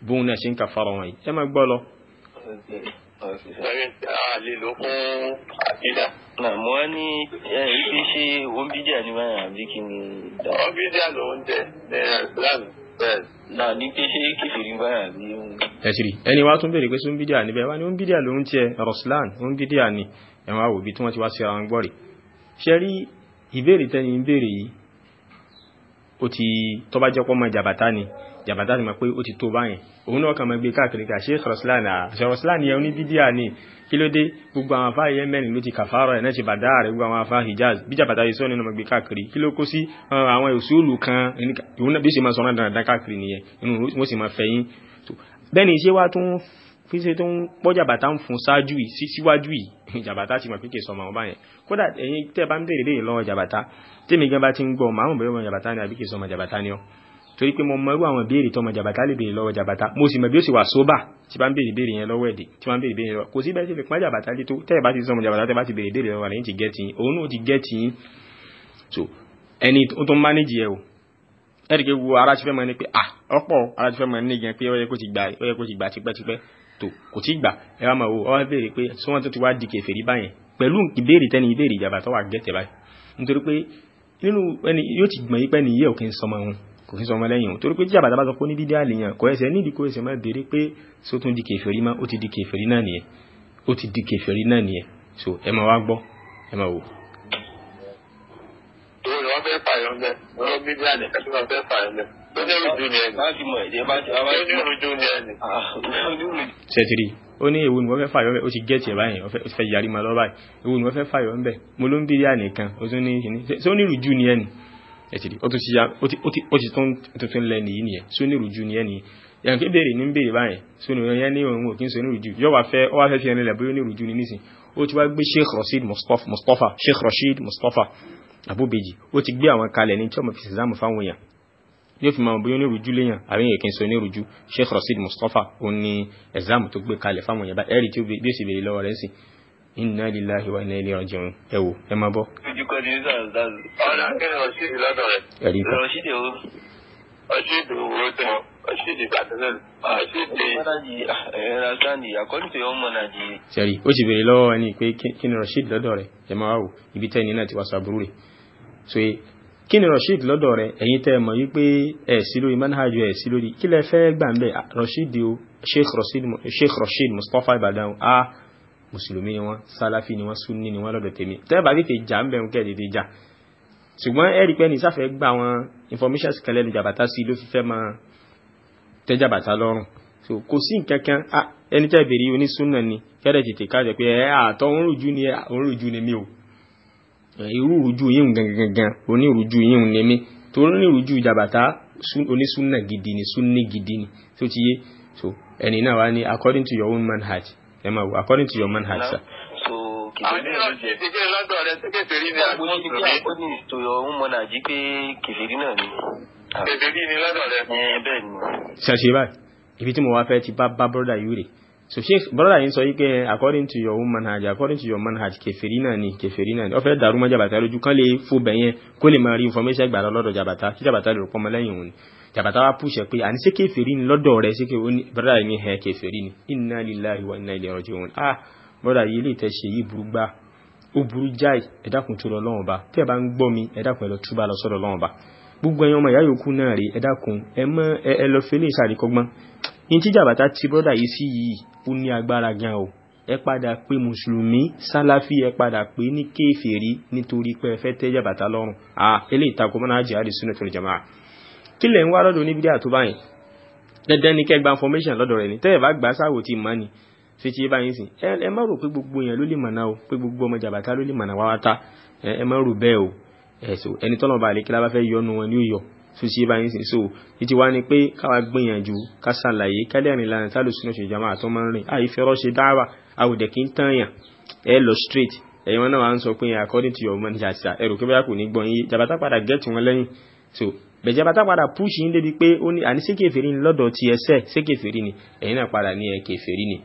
A: bóun náà ṣe ń kà fárọ̀ wọn yìí ẹ máa gbọ́ lọ.
B: àlè ló fún àbídà. mo wá ní ibi ṣe òun bídà ni wọn àbí kí ni. òun bídà
A: lòun jẹ ní islam ẹ̀sìrì ẹni wá tún bèèrè pé sún bídíà níbẹ̀ wá ní ó ń bídíà ló ń tiẹ̀ Ruslan ó ń bídíà ni ẹ̀wọ̀n àwòbí tí wọ́n ti wá sí àwọn gbọ́rì ṣe rí ìbéèrè tẹ́ni ń yìí ó ti tọ́bájẹ́pọ́ mọ́ jàbátá ni jàbátá ni mọ̀ pé ó ti tó báyẹn òun náà kàn máa gbé káàkiri ká Sheikh Ruslan à Sheikh Ruslan oní bídíà ni kí ló dé gbogbo àwọn afá yẹn mẹ́rin ló ti kàfàrọ̀ ẹ̀ náà ti bàdá rẹ̀ gbogbo àwọn afá Hijaz bíjà bàtà yìí sọ́ọ́ nínú ọmọ gbé káàkiri kí ló kó sí àwọn òṣèlú kan òun náà bí ó sì máa sọ̀rọ̀ dandan káàkiri nìyẹn inú wọn sì máa fẹ̀yìn bẹ́ẹ̀ni ṣé wàá tún fi ṣe tó ń pọ́ jàbàtà ń fún ṣáájú yìí síwájú yìí jàbàtà ti mọ̀ pé kì í sọ ọmọ ọba yẹn kódà ẹ̀yin tẹ́ ẹ bá ń béèrè léyìn lọ́wọ́ jàbàtà tèmi gan bá ti ń gbọ́ màá mọ̀ bẹ́ẹ̀ ọmọ jàbàtà ni àbí kì í sọ ọmọ jàbàtà ni ọ́ torí pé mo mọ irú àwọn ìbéèrè tọmọ jàbàtà lè béèrè lọ́wọ́ jàbàtà mo sì mọ bí ó sì wà sóbà tí bá ń béèrè béèrè yẹn lọ́wọ́ ẹ̀dẹ̀ tí wọ́n ń béèrè béèrè lọ́wọ́ kò sí bẹ́ẹ̀ sì fi pọ́n jàbàtà lé tó tẹ́ẹ̀ bá ti sọmọ jàbàtà tẹ́ẹ̀ bá ti béèrè béèrè lọ́wọ́ rẹ̀ yín ti gẹ́tì yín òun náà ti gẹ́tì yín so ẹni tó ń mánéjì ẹ o ẹ̀rì kí wo ara ti fẹ́ mọ ni pé à ah, ọ̀pọ̀ ara ti fẹ́ mọ ní gan pé ó yẹ kó ti gbà ó yẹ tó kò tí gbà ẹ wá máa wo ọ wá béèrè pé sọ́wọ́n tó ti wá di kèfèrí báyẹn pẹ̀lú ìbéèrè tẹ́ni ìbéèrè ìjàmbá tó wà gẹ́tẹ̀ báyìí nítorí pé nínú ẹni yóò ti gbọ̀n yí pẹ́ nìyí òkè ń sọmọ wọn kò fi sọmọ lẹ́yìn òun torí pé jàbàtà bá sọ pé ó ní dídí àlèyàn kọ ẹsẹ̀ nídìí kó ẹsẹ̀ máa béèrè pé só tún di kèfèrí má ó ti di kèfèrí náà nìyẹn ó ti di kèfèrí náà nìyẹn so ẹ máa wá gbọ́ ẹ máa wò.
B: ìwé ni wọ́n fẹ́ pààyàn bẹ́ẹ̀ wọ́n bí bí àná kẹ́tù máa fẹ́ pààyàn bẹ́ẹ̀ ó ní ìrújú ni ah,
A: ó ní èwo ni wọ́n fẹ́ fàyọ́ bẹ́ẹ̀ ó ti gẹ́ẹ̀tì ẹ̀ báyìí ó fẹ́ yarí ma lọ́ báyìí èwo ni wọ́n fẹ́ fàyọ́ bẹ́ẹ̀ mo ló ń bí díà nìkan ó tún ní ìṣẹ́ni ṣé ó ní ìrújú ni ẹni ẹ̀tìrí ó si ya, ó ti tuntun lẹ nìyí nìyẹn só ní ìrújú nìyẹn nìyí yàn kí béèrè ní béèrè báyẹn só ní ìròyìn ní òun òkín só ní ìrújú yóò wá fẹ́ ó wá fẹ́ fi ẹni lẹ̀ bóyá ní ìrújú ní nísìn ó ti wá gbé Sheikh Rashid Mustapha Sheikh Rashid Mustapha Abubeji ó ti gbé àwọn kalẹ̀ ní tí ọmọ fi sèzámù fáwọn èèyàn yóò fi máa bóyá ní ìrújú léyàn àwọn èèyàn kì sọ ní ìrújú Sheikh Rashid Mustapha ó ní ẹ̀zámù tó gbé kalẹ̀ fáwọn èèyàn bá ẹ̀rí tí ó bí ó sì béèrè lọ́wọ́ rẹ̀ sí inna lillahi wa inna ilaihi raji'un ẹ wò ẹ máa bọ́. ojúkọ ni sàn sàn ọ̀nà akẹ́rẹ́ ọ̀ṣídì lọ́dọ̀ rẹ̀ ọ̀ṣídì owó ọ̀ṣídì owó tẹ̀ ọ̀ṣídì bàtẹ́lẹ̀ ọ̀ṣídì ẹ̀rọ sanni àkọ́ńtì ọmọ nàìjíríà. sẹ́rí ó ti béèrè lọ́wọ́ ẹni pé kí ni rọ̀ṣídì lọ́dọ̀ rẹ̀ ẹ máa wò ibi tẹ́ni náà ti wá sàbúrú rẹ̀ so kí ni Rashid lọ́dọ̀ rẹ̀ ẹ̀yin tẹ́ mọ̀ wípé ẹ̀ sí lórí manhajú ẹ̀ sí lórí kí lẹ fẹ́ gbà ń bẹ̀ Rashid o Sheikh Rashid Mustafa Ibadan a ah, mùsùlùmí ni wọ́n sálàfí ni wọ́n súnni ni wọ́n lọ́dọ̀ tèmi tẹ́ẹ̀bà tètè jà ń bẹ̀rù kẹ́ tètè jà ṣùgbọ́n ẹ̀rí pẹ́ ní sáfẹ́ gba àwọn information kẹlẹ́ nu jàbàtà sí ló fi fẹ́ máa tẹ́ jàbàtà lọ́rùn so kò sí nǹkan kan ẹni tẹ́ bèrè oní súnà ni kẹ́rẹ́ tètè kájọ pé ẹ àtọ́ òǹrùjú ni òǹrùjú ni mi o irú ìrújú yíhun gangan onírújú yíhun ni mi torí onírújú jàbàtà onísúnà gidi ni Sunni gidi ni tó ti yé so ẹni náà wá ní according to your own manhaj ẹ máa according to your man, sir.
B: kìfìrí lọ́dọ̀ rẹ ṣé kẹfìrí ni àgbọn tó bí. ó ní ìtòyọ̀ ń mọ nàjí pé kìfìrí náà ni. kẹfìrí ni lọ́dọ̀ rẹ. bẹ́ẹ̀ ni.
A: ṣàṣe báyìí ibi tí mo wá fẹ́ ti bá bá bọ́dà yìí rè so sheikh brother yìí sọ yìí pé according to your woman, manhaj according to your manhaj kẹfìrí náà ni kẹfìrí náà ni ó fẹ́ dàrú mọ́ jàbàtà lójú kán lè fò bẹ̀yẹn kó lè máa rí information gbà lọ́dọ̀ jàbàtà kí jàbàtà lè rò pọ́nmọ́ lẹ́yìn òun ni jàbàtà wa púṣẹ̀ pé àní ṣé kèfèrí ni lọ́dọ̀ rẹ̀ ṣé bọ́dà yìí ni ẹ̀ kèfèrí ni inna lillahi wa inna ilaihi raji'un ah bọ́dà yìí lè tẹ́ ṣe yìí burú gbá ó burú jáì ẹ dákun tó lọ lọ́wọ́n ba tẹ́ ẹ bá ń gbọ́ mi ẹ dákun ẹ lọ túbà lọ sọ́dọ̀ lọ́wọ́n ba gbogbo ẹ̀yin ọmọ ìyá yòókù náà rè ẹ dákun ẹ mọ ẹ lọ fẹ́ lè ṣàríkọ́gbọ́n yín tí jàbàtà ti bọ́dà yìí sí yìí ó ní agbára gan o ẹ padà pé mùsùlùmí sálàfí ẹ padà pé ní kéfèrí nítorí pé ẹ fẹ́ tẹ́ jàbàtà lọ́rùn à ah, eléyìí takò mọ́nà àjẹ́ àdìsúnà tó lè jàmáà kí lẹ̀ ń wá lọ́dọ̀ oníbídíà tó báyìí dandan ni kẹgbà information lọ́dọ̀ rẹ̀ ni tẹ́ẹ̀ bá gbà sáwò tí mọ́ ni fi ti báyìí sìn ẹ má rò pé gbogbo èèyàn ló lè mọ̀nà o pé gbogbo ọmọ jàbàtà ló lè mọ̀nà wá wáta ẹ má rò bẹ́ẹ̀ o ẹ̀sùn ẹni tọ́nà bá lè kíláà bá fẹ́ yọnu wọn ní òyọ̀ tó ti báyìí sìn so títí wá ni pé káwa gbìyànjú ká ṣàlàyé kádẹ́rìn lánàá tá lòsùn oṣù ìjàmà àtọ́ máa ń rìn àyè fẹ́rọ́ ṣe dáwà àwòdẹ̀ kí ń tàn yàn ẹ lọ straight ẹ̀yin wọn náà wà ń sọ pé according to your manager ẹ̀rù kí bóyá kò ní gbọ́n yín jàbàtà padà gẹ́ẹ̀tì wọn lẹ́yìn so bẹ̀jẹ̀ba tá padà púùsì yín débi pé ó ní àní sékèfèrí ni lọ́dọ̀ ti ẹsẹ̀ sékèfèrí ni ẹ̀yin náà padà ní ẹ̀kẹfèrí ni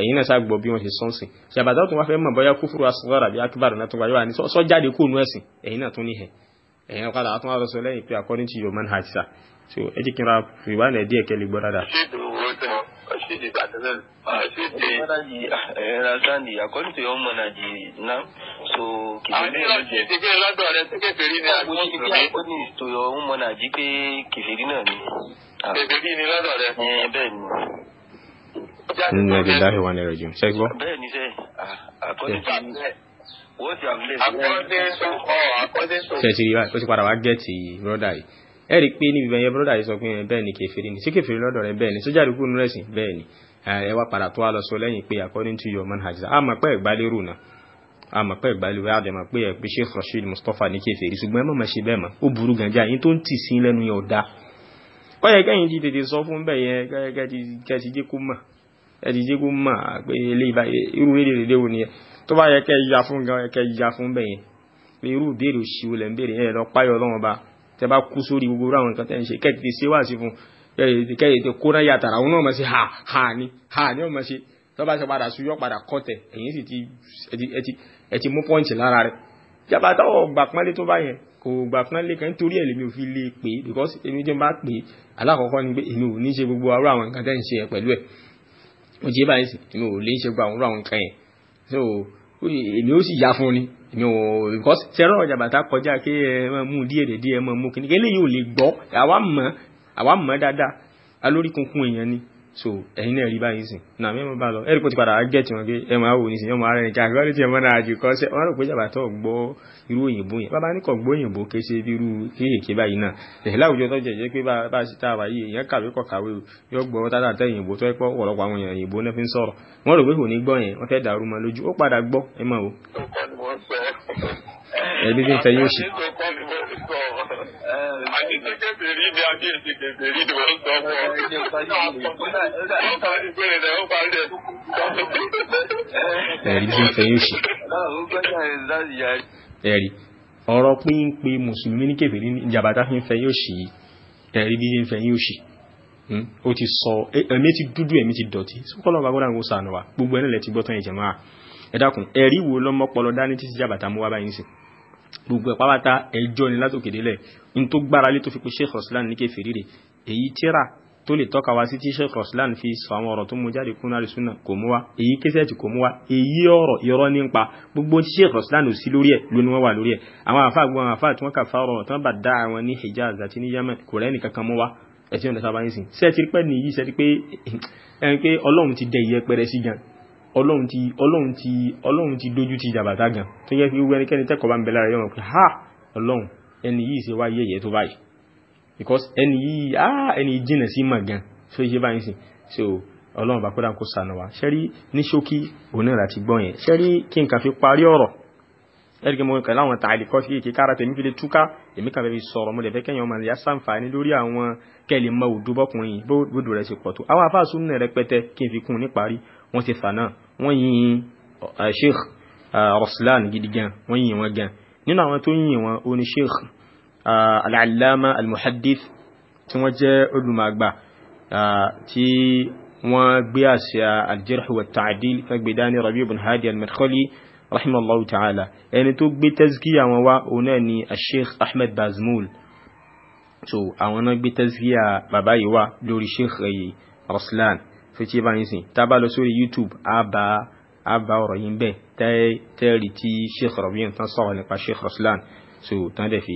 A: ẹ̀yin náà ṣàgbọ́ bí wọ́n ṣe sọ́nsìn ṣàbàtà tó wá fẹ́ mọ̀ bóyá kúfúrú asọ́rọ̀ àbí akíbàrún náà tó wáyé wà ní sọ́jáde kó nu ẹ̀sìn ẹ̀yin náà tún ní hẹ̀ ẹ̀yin padà á tún wá sọ lẹ́yìn pé according to your manhaj sir so ẹ jẹ́ kí n ra ìwádìí díẹ̀ kẹ́lẹ́ gbọ́ dáadáa
B: the Catholic. Understand the according to your monarchy now. So According to your monarchy pé kìfìrí náà ni. Kìfìrí ni lọ́dọ̀ rẹ. Bẹ́ẹ̀ ni.
A: Nínú ẹ̀jẹ̀ dáhùn wà ní ẹ̀rọ jù. Ṣé gbọ́? Bẹ́ẹ̀ ni sẹ́, according to
B: what you have learned. According to all, according to. Ṣé
A: ti padà wá gẹ̀ẹ́tì rọ́dà yìí? ẹ rí i pé níbi ìbẹ̀yẹn bọ́dà yìí sọ pé bẹ́ẹ̀ ni kèfèrí ni sí kèfèrí lọ́dọ̀ rẹ bẹ́ẹ̀ ni sójà àdúgbò nínú ẹ̀sìn bẹ́ẹ̀ ni ẹ wá padà tó wá lọ sọ lẹ́yìn pé according to your manhaj àmọ́ pé ìgbàlérò náà àmọ́ pé ìgbàlérò àdèmọ̀ pé ẹ pé Sheikh Rasheed Mustapha ní kèfèrí ṣùgbọ́n ẹ má má ṣe bẹ́ẹ̀ mọ́ ó burú gan jáà yín tó ń tì sí lẹ́nu yẹn ọ̀dà ó yẹ kẹ́yìn ti tètè sọ fún bẹ́ẹ̀ yẹn kẹ́ẹ̀tì jẹ́ kó kẹ́ ya tẹ bá kú sórí gbogbo àwọn nǹkan tẹ́ ń ṣe kẹ́ẹ̀tì ṣe wá sí fún kẹ́ẹ̀tì tẹ kó yàtàrà òun náà mọ̀ sí ha ha ni ha ni ó mọ̀ sí tó bá ṣe padà sùn yọ padà kọ́tẹ̀ ẹ̀yìn sì ti ẹ ti mú pọ́ǹchì lára rẹ̀ jábà táwọn gbà pọ́nlé tó bá yẹn kò gbà pọ́nlé kan nítorí ẹ̀ lèmi ò fi lè pè é because èmi jẹ́ bá pè é alákọ̀ọ́kọ́ ni pé èmi ò ní ṣe gbogbo àrùn àwọn nǹkan tẹ́ ń ṣe pẹ̀lú ẹ̀ ó jẹ́ báyìí sì èmi ò lè ṣe gbogbo àwọn nǹkan yẹn so èmi ó sì yá fún ni èmi ò because sẹ́rọ̀ ọjà bàtà kọjá kí ẹ máa mú díẹ̀ dẹ̀ díẹ̀ máa mú kíní eléyìí ò lè gbọ́ àwa mọ̀ àwa mọ̀ dáadáa alórí kunkun èèyàn ni so ẹ̀yin náà rí báyìí sìn náà mẹ́mọ́ bá lọ ẹ̀rí kò ti padà jẹ́ tí wọ́n gé ẹmọ àwò ní sìn ọmọ ara ẹ̀ka àgbáyé tí ẹmọ náà jù kọ́ sẹ́ wọ́n rò pé jàbá tó gbọ́ irú òyìnbó yẹn bàbá ní kò gbọ́ òyìnbó ké ṣe bí irú kéèké báyìí náà ẹ̀hìn láwùjọ tó jẹ́ jẹ́ pé bá a ṣe tá a wà yìí èèyàn kàwé kọ̀ kàwé yọ gbọ́ tátà tẹ́ òyìnbó tó ẹ̀pọ̀ ọ̀pọ̀lọpọ̀ àwọn èèyàn òyìnbó náà fi ń sọ̀rọ̀ wọ́n rò pé kò ní gbọ́ yẹn wọ́n fẹ́ dàrú mọ́ lójú ó padà gbọ́ ẹ mọ̀ o. Ebi bi nfa yi o si. Ẹ̀rí bí nfa yi o si. Ẹ̀rí ọ̀rọ̀ pínpín mùsùlùmí ní kèfèrí ní ìjàbátá fi ń fẹ́ yóò ṣì ẹ̀rí bí ń fẹ́ yóò ṣì ó ti sọ ẹ̀mí ti dúdú ẹ̀mí ti dọ̀tí sọ́kọ́lọ́ bàgbọ́dà ń sànù wa gbogbo ẹ̀rẹ́lẹ̀ ti gbọ́tàn ìjẹ̀mọ́ ẹ̀dàkùn ẹ̀rí wo lọ́mọ́pọlọ dání títí jàbátá mú wá báyìí sìn gbogbo ẹ̀ pátá ẹjọ́ ni látòkè délẹ̀ n tó gbára lé tó fi pe Sheikh Ruslan ní kẹfìrí rẹ̀ èyí tíra tó lè tọ́ka wá sí tí Sheikh Ruslan fi sọ àwọn ọ̀rọ̀ tó mú jáde kúnná rẹ̀ súnà kò mú wá èyí kẹsẹ̀tì kò mú wá èyí ọ̀rọ̀ irọ́ nípa gbogbo tí Sheikh Ruslan ò sí lórí ẹ̀ ló ní wọ́n wà lórí ẹ̀ àwọn àfa àgbọn àwọn àfa tí wọ́n kà fa ọ̀rọ̀ tán bá dá àwọn ní Hijaz àti ní Yemen kò rẹ́ nìkan mú wá ẹ̀sìn ọ̀dà sábà ń sìn sẹ́ẹ̀tì pẹ́ nìyí sẹ́ẹ̀tì pé ẹni pé Ọlọ́run ti dẹ ìyẹpẹrẹ sí gan ọlọ́run ti ọlọ́run ti ọlọ́run ti dójú ti jàbàtà gan tó yẹ pé gbogbo ẹnikẹ́ni tẹ́kọ̀ọ́ bá ń bẹ lára pé ha ọlọ́run ẹni yìí ṣe wá yẹ̀yẹ́ tó báyìí because ẹni yìí ah ẹni yìí jìnà sí mà gan so yé báyìí sìn so ọlọ́run bá kódà kó sànà wa ṣẹ́rí ní ṣókí òun náà ti gbọ́ yẹn ṣẹ́rí kí n kàn fi parí ọ̀rọ̀ ẹ̀rí kí mo kàn láwọn tààlì kọ́ sí èké kára tèmi fi lè túká mo lè fẹ́ kẹ́yìn ọmọ ìyá sàǹfààní lórí àwọn kẹ́lẹ̀ mọ òdúbọ́kùnrin bódò rẹ̀ wọ́n ti fà náà wọ́n yìn eh, sheikh eh, Raslan gidi gan wọ́n yìn wọ́n gan nínú àwọn tó yìn wọ́n ó ní sheikh eh, al-allama al-muhaddith tí wọ́n jẹ́ olùmọ̀gbà tí wọ́n gbé àṣà al-jarh wa ta'dil fẹ́gbẹ̀ dání rabi ibn hadi al-madkhali rahimallahu ta'ala ẹni tó gbé tazkiya wọn wá òun náà ni sheikh ahmed bazmul so àwọn náà gbé tazkiya bàbá yìí wá lórí sheikh Raslan so tí bá yín sìn tá a bá lọ sórí YouTube á bá á bá ọ̀rọ̀ yín bẹ́ẹ̀ tẹ́ tẹ́rì tí Sheikh Rabi'u tán sọ̀rọ̀ nípa Sheikh Raslan so tán dẹ̀ fi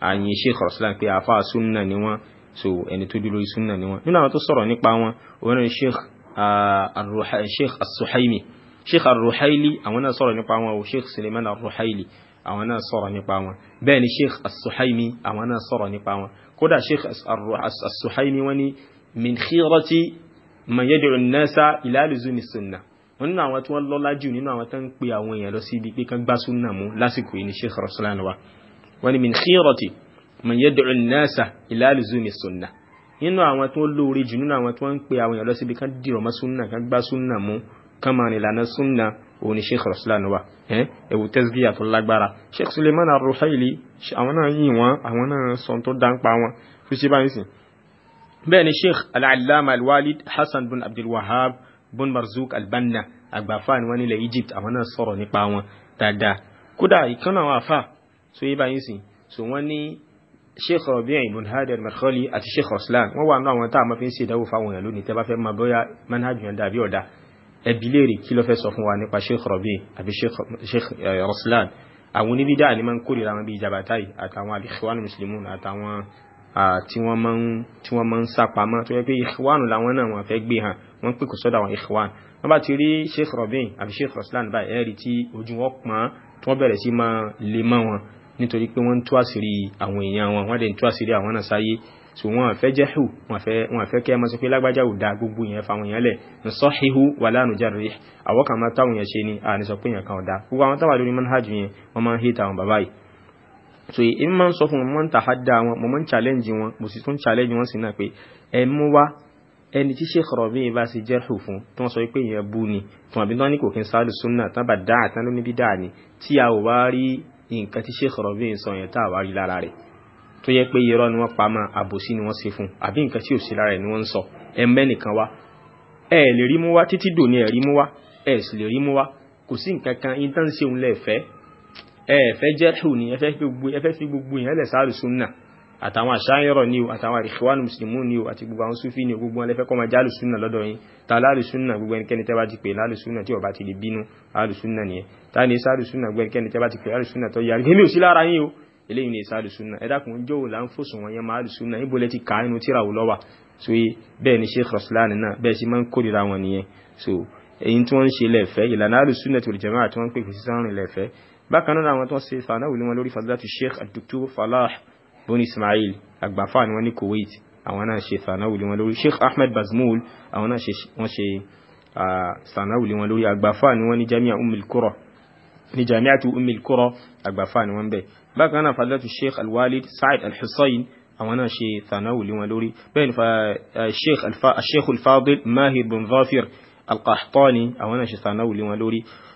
A: àyìn Sheikh Raslan pé àfa sunna ni wọ́n so ẹni tó dúró sunna ni wọ́n nínú àwọn tó sọ̀rọ̀ nípa wọn òun náà Sheikh Sheikh As-Suhaimi Sheikh Ar-Ruhaili àwọn náà sọ̀rọ̀ nípa wọn o Sheikh Suleiman ar àwọn náà sọ̀rọ̀ nípa wọn bẹ́ẹ̀ ni sheikh as àwọn náà sọ̀rọ̀ nípa wọn kódà sheikh as-suhaimi wọ́n min khirati man yad'u an-nasa ila luzumi sunnah wọn nínú àwọn tí wọ́n lọ́lá jù nínú àwọn tó ń pe àwọn èèyàn lọ sí ibi pé kan gbá súnà mú lásìkò yìí ní sheikh rasulana wa wọ́n ní min khirati man yad'u an-nasa ila luzumi sunnah nínú àwọn tí wọ́n lóore jù nínú àwọn tí wọ́n ń pe àwọn èèyàn lọ sí ibi kan dìrọ̀ mọ́ súnà kan gbá súnà mú kan máa rìn lànà súnà òun ni sheikh rasulana wa ẹ̀wù tazkiya tó lágbára sheikh suleiman ar àwọn náà yìn wọn àwọn náà sọ bẹ́ẹ̀ ni sheikh al-allama al-walid hassan bin abdulwahab bin marzouk al-banna àgbàfà ni wọ́n nílẹ̀ egypt àwọn náà sọ̀rọ̀ nípa wọn dáadáa kódà ìkànnà àwọn àfà tó yé báyìí sìn so wọ́n ní sheikh rabi'i bin hadi al-markhali àti sheikh ruslan wọ́n wà nínú àwọn tá a máa fi ń ṣe ìdánwò fáwọn èèyàn lónìí tẹ́ bá fẹ́ máa bóyá manhaj yẹn dàbí ọ̀dà ẹbí kí ló fẹ́ sọ fún wa nípa sheikh rabi'i àbí sheikh ruslan eh, àwọn oníbídà ni máa kórìíra wọn bí ìjàbátáì àtàwọn al-ikhwan àtàwọn tí wọ́n máa ń tí wọ́n máa ń sá pamọ́ tó yẹ pé ìṣwánù làwọn náà wọ́n fẹ́ gbé hàn wọ́n pè kò sọ́dọ̀ àwọn ìṣwánù wọ́n bá ti rí sheikh robin àbí sheikh roslan báyìí ẹ̀rí tí ojú wọn pọ́n tí wọ́n bẹ̀rẹ̀ sí máa lè mọ́ wọn nítorí pé wọ́n ń tú àṣírí àwọn èèyàn wọn wọ́n dẹ̀ ń tú àṣírí àwọn náà sáyé so wọn fẹ́ jẹ́ hù wọn fẹ́ kẹ́ mọ́ sí pé lágbájá ò dá gbogbo yẹn fáwọn yẹn lẹ̀ ń sọ híhú wà lánàá jáde rí àwọ́kà máa táwọn yẹn ṣe ni àníṣọ yẹn kan ò gbogbo àwọn táwọn lórí manhaj yẹn wọ́n máa ń hìtà àwọn bàbá yìí so èmi máa ń sọ fún wọn mo máa ń tàhádà wọn mo máa ń challenge wọn mo sì tún challenge wọn sí náà pé ẹ mú wá ẹni tí Sheikh Rabi' bá ṣe jẹ́rù fún tí wọ́n sọ pé èèyàn bú ni tí wọ́n àbí náà ní kò kí ń sáré súnà tán bá dáa tán ló níbi dáa ni tí a ò wá rí nǹkan tí Sheikh Rabi' sọ yẹn tá a wá rí lára rẹ̀ tó yẹ pé irọ́ ni wọ́n pa máa àbòsí ni wọ́n ṣe fún àbí nǹkan tí ò sí lára rẹ̀ ni wọ́n ń sọ ẹ mẹ́nìkan wá ẹ lè rí mú wá títí dòní ẹ rí mú wá ẹ sì lè rí mú wá kò sí nǹkan kan yín tán ṣe òun lẹ́ẹ̀fẹ́ ẹ̀ẹ̀fẹ́ jẹ́rù ni ẹfẹ́ fi gbogbo èèyàn lẹ̀ sáàrù súnnà àtàwọn àṣáyọ̀rọ̀ ni o àtàwọn ìṣòwánù mùsùlùmí ni o àti gbogbo àwọn súfí ni o gbogbo ẹlẹ́fẹ́ kọ́ ma jálù súnnà lọ́dọ̀ yín ta lálù súnnà gbogbo ẹnikẹ́ni tẹ́ bá ti pè lálù súnnà tí ó bá ti lè bínú lálù súnnà ni ẹ ta ni sáàrù súnnà gbogbo ẹnikẹ́ni tẹ́ bá ti pè lálù súnnà tó yàrí gbẹ́mí ò sí lára yín bákan náà àwọn tó ṣe sànáwò ní wọn lórí fadilatu sheikh al-doctor falah bun ismail agbafa ni wọn ní kuwait àwọn náà ṣe sànáwò ní wọn lórí sheikh ahmed bazmul àwọn náà wọ́n ṣe sànáwò ní wọn lórí agbafa ni wọn ní jami'a umil kura ní jami'atu umil kura agbafa ni wọn bẹ bákan náà fadilatu sheikh alwalid sa'id al-hussein àwọn náà ṣe sànáwò ní wọn lórí bẹ́ẹ̀ ni sheikh al mahir bin zafir al àwọn náà ṣe sànáwò ní wọn lórí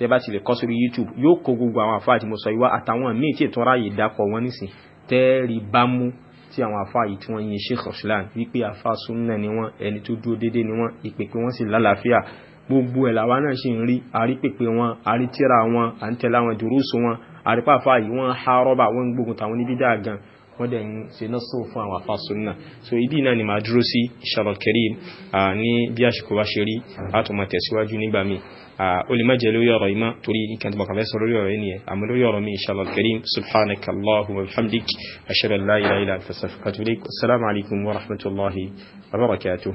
A: tẹ́ bá ti lè kọ sórí YouTube yóò kó gbogbo àwọn àfáà tí mo sọ yìí wá àtàwọn míì tí ètò ráàyè dákọ wọn nísìn tẹ́ẹ̀rí bá mú tí àwọn àfáà yìí tí wọ́n yin Sheikh Ruslan wípé àfáà súnmọ́ ni wọ́n ẹni tó dúró déédéé ni wọ́n ìpèpè wọn sì lálàáfíà gbogbo ẹ̀ làwa náà ṣì ń rí àrípèpè wọn àrítíra wọn à ń tẹ̀lé àwọn dùrúùsù wọn àrípàfà yìí wọ́n há rọ́bà wọ́n ń gbógun tàwọn oníbídà gan wọ́n dẹ̀ ń ṣe náà sọ fún àwọn àfáà súnmọ́ so ibi náà ni màá dúró sí inshallah karim ní bí àsìkò bá ṣe rí a tún tẹ̀síwájú nígbà míì o lè má jẹ lórí ọ̀rọ̀ yìí mọ́ torí nǹkan tó bá kàfẹ́ sọ lórí ọ̀rọ̀ yìí nìyẹn àmọ́ lórí ọ̀rọ̀ mi inshallah al-karim subhanaka allahumma wa bihamdik ashhadu an la ilaha illa anta astaghfiruka wa atubu ilaik assalamu alaikum wa rahmatullahi wa barakatuh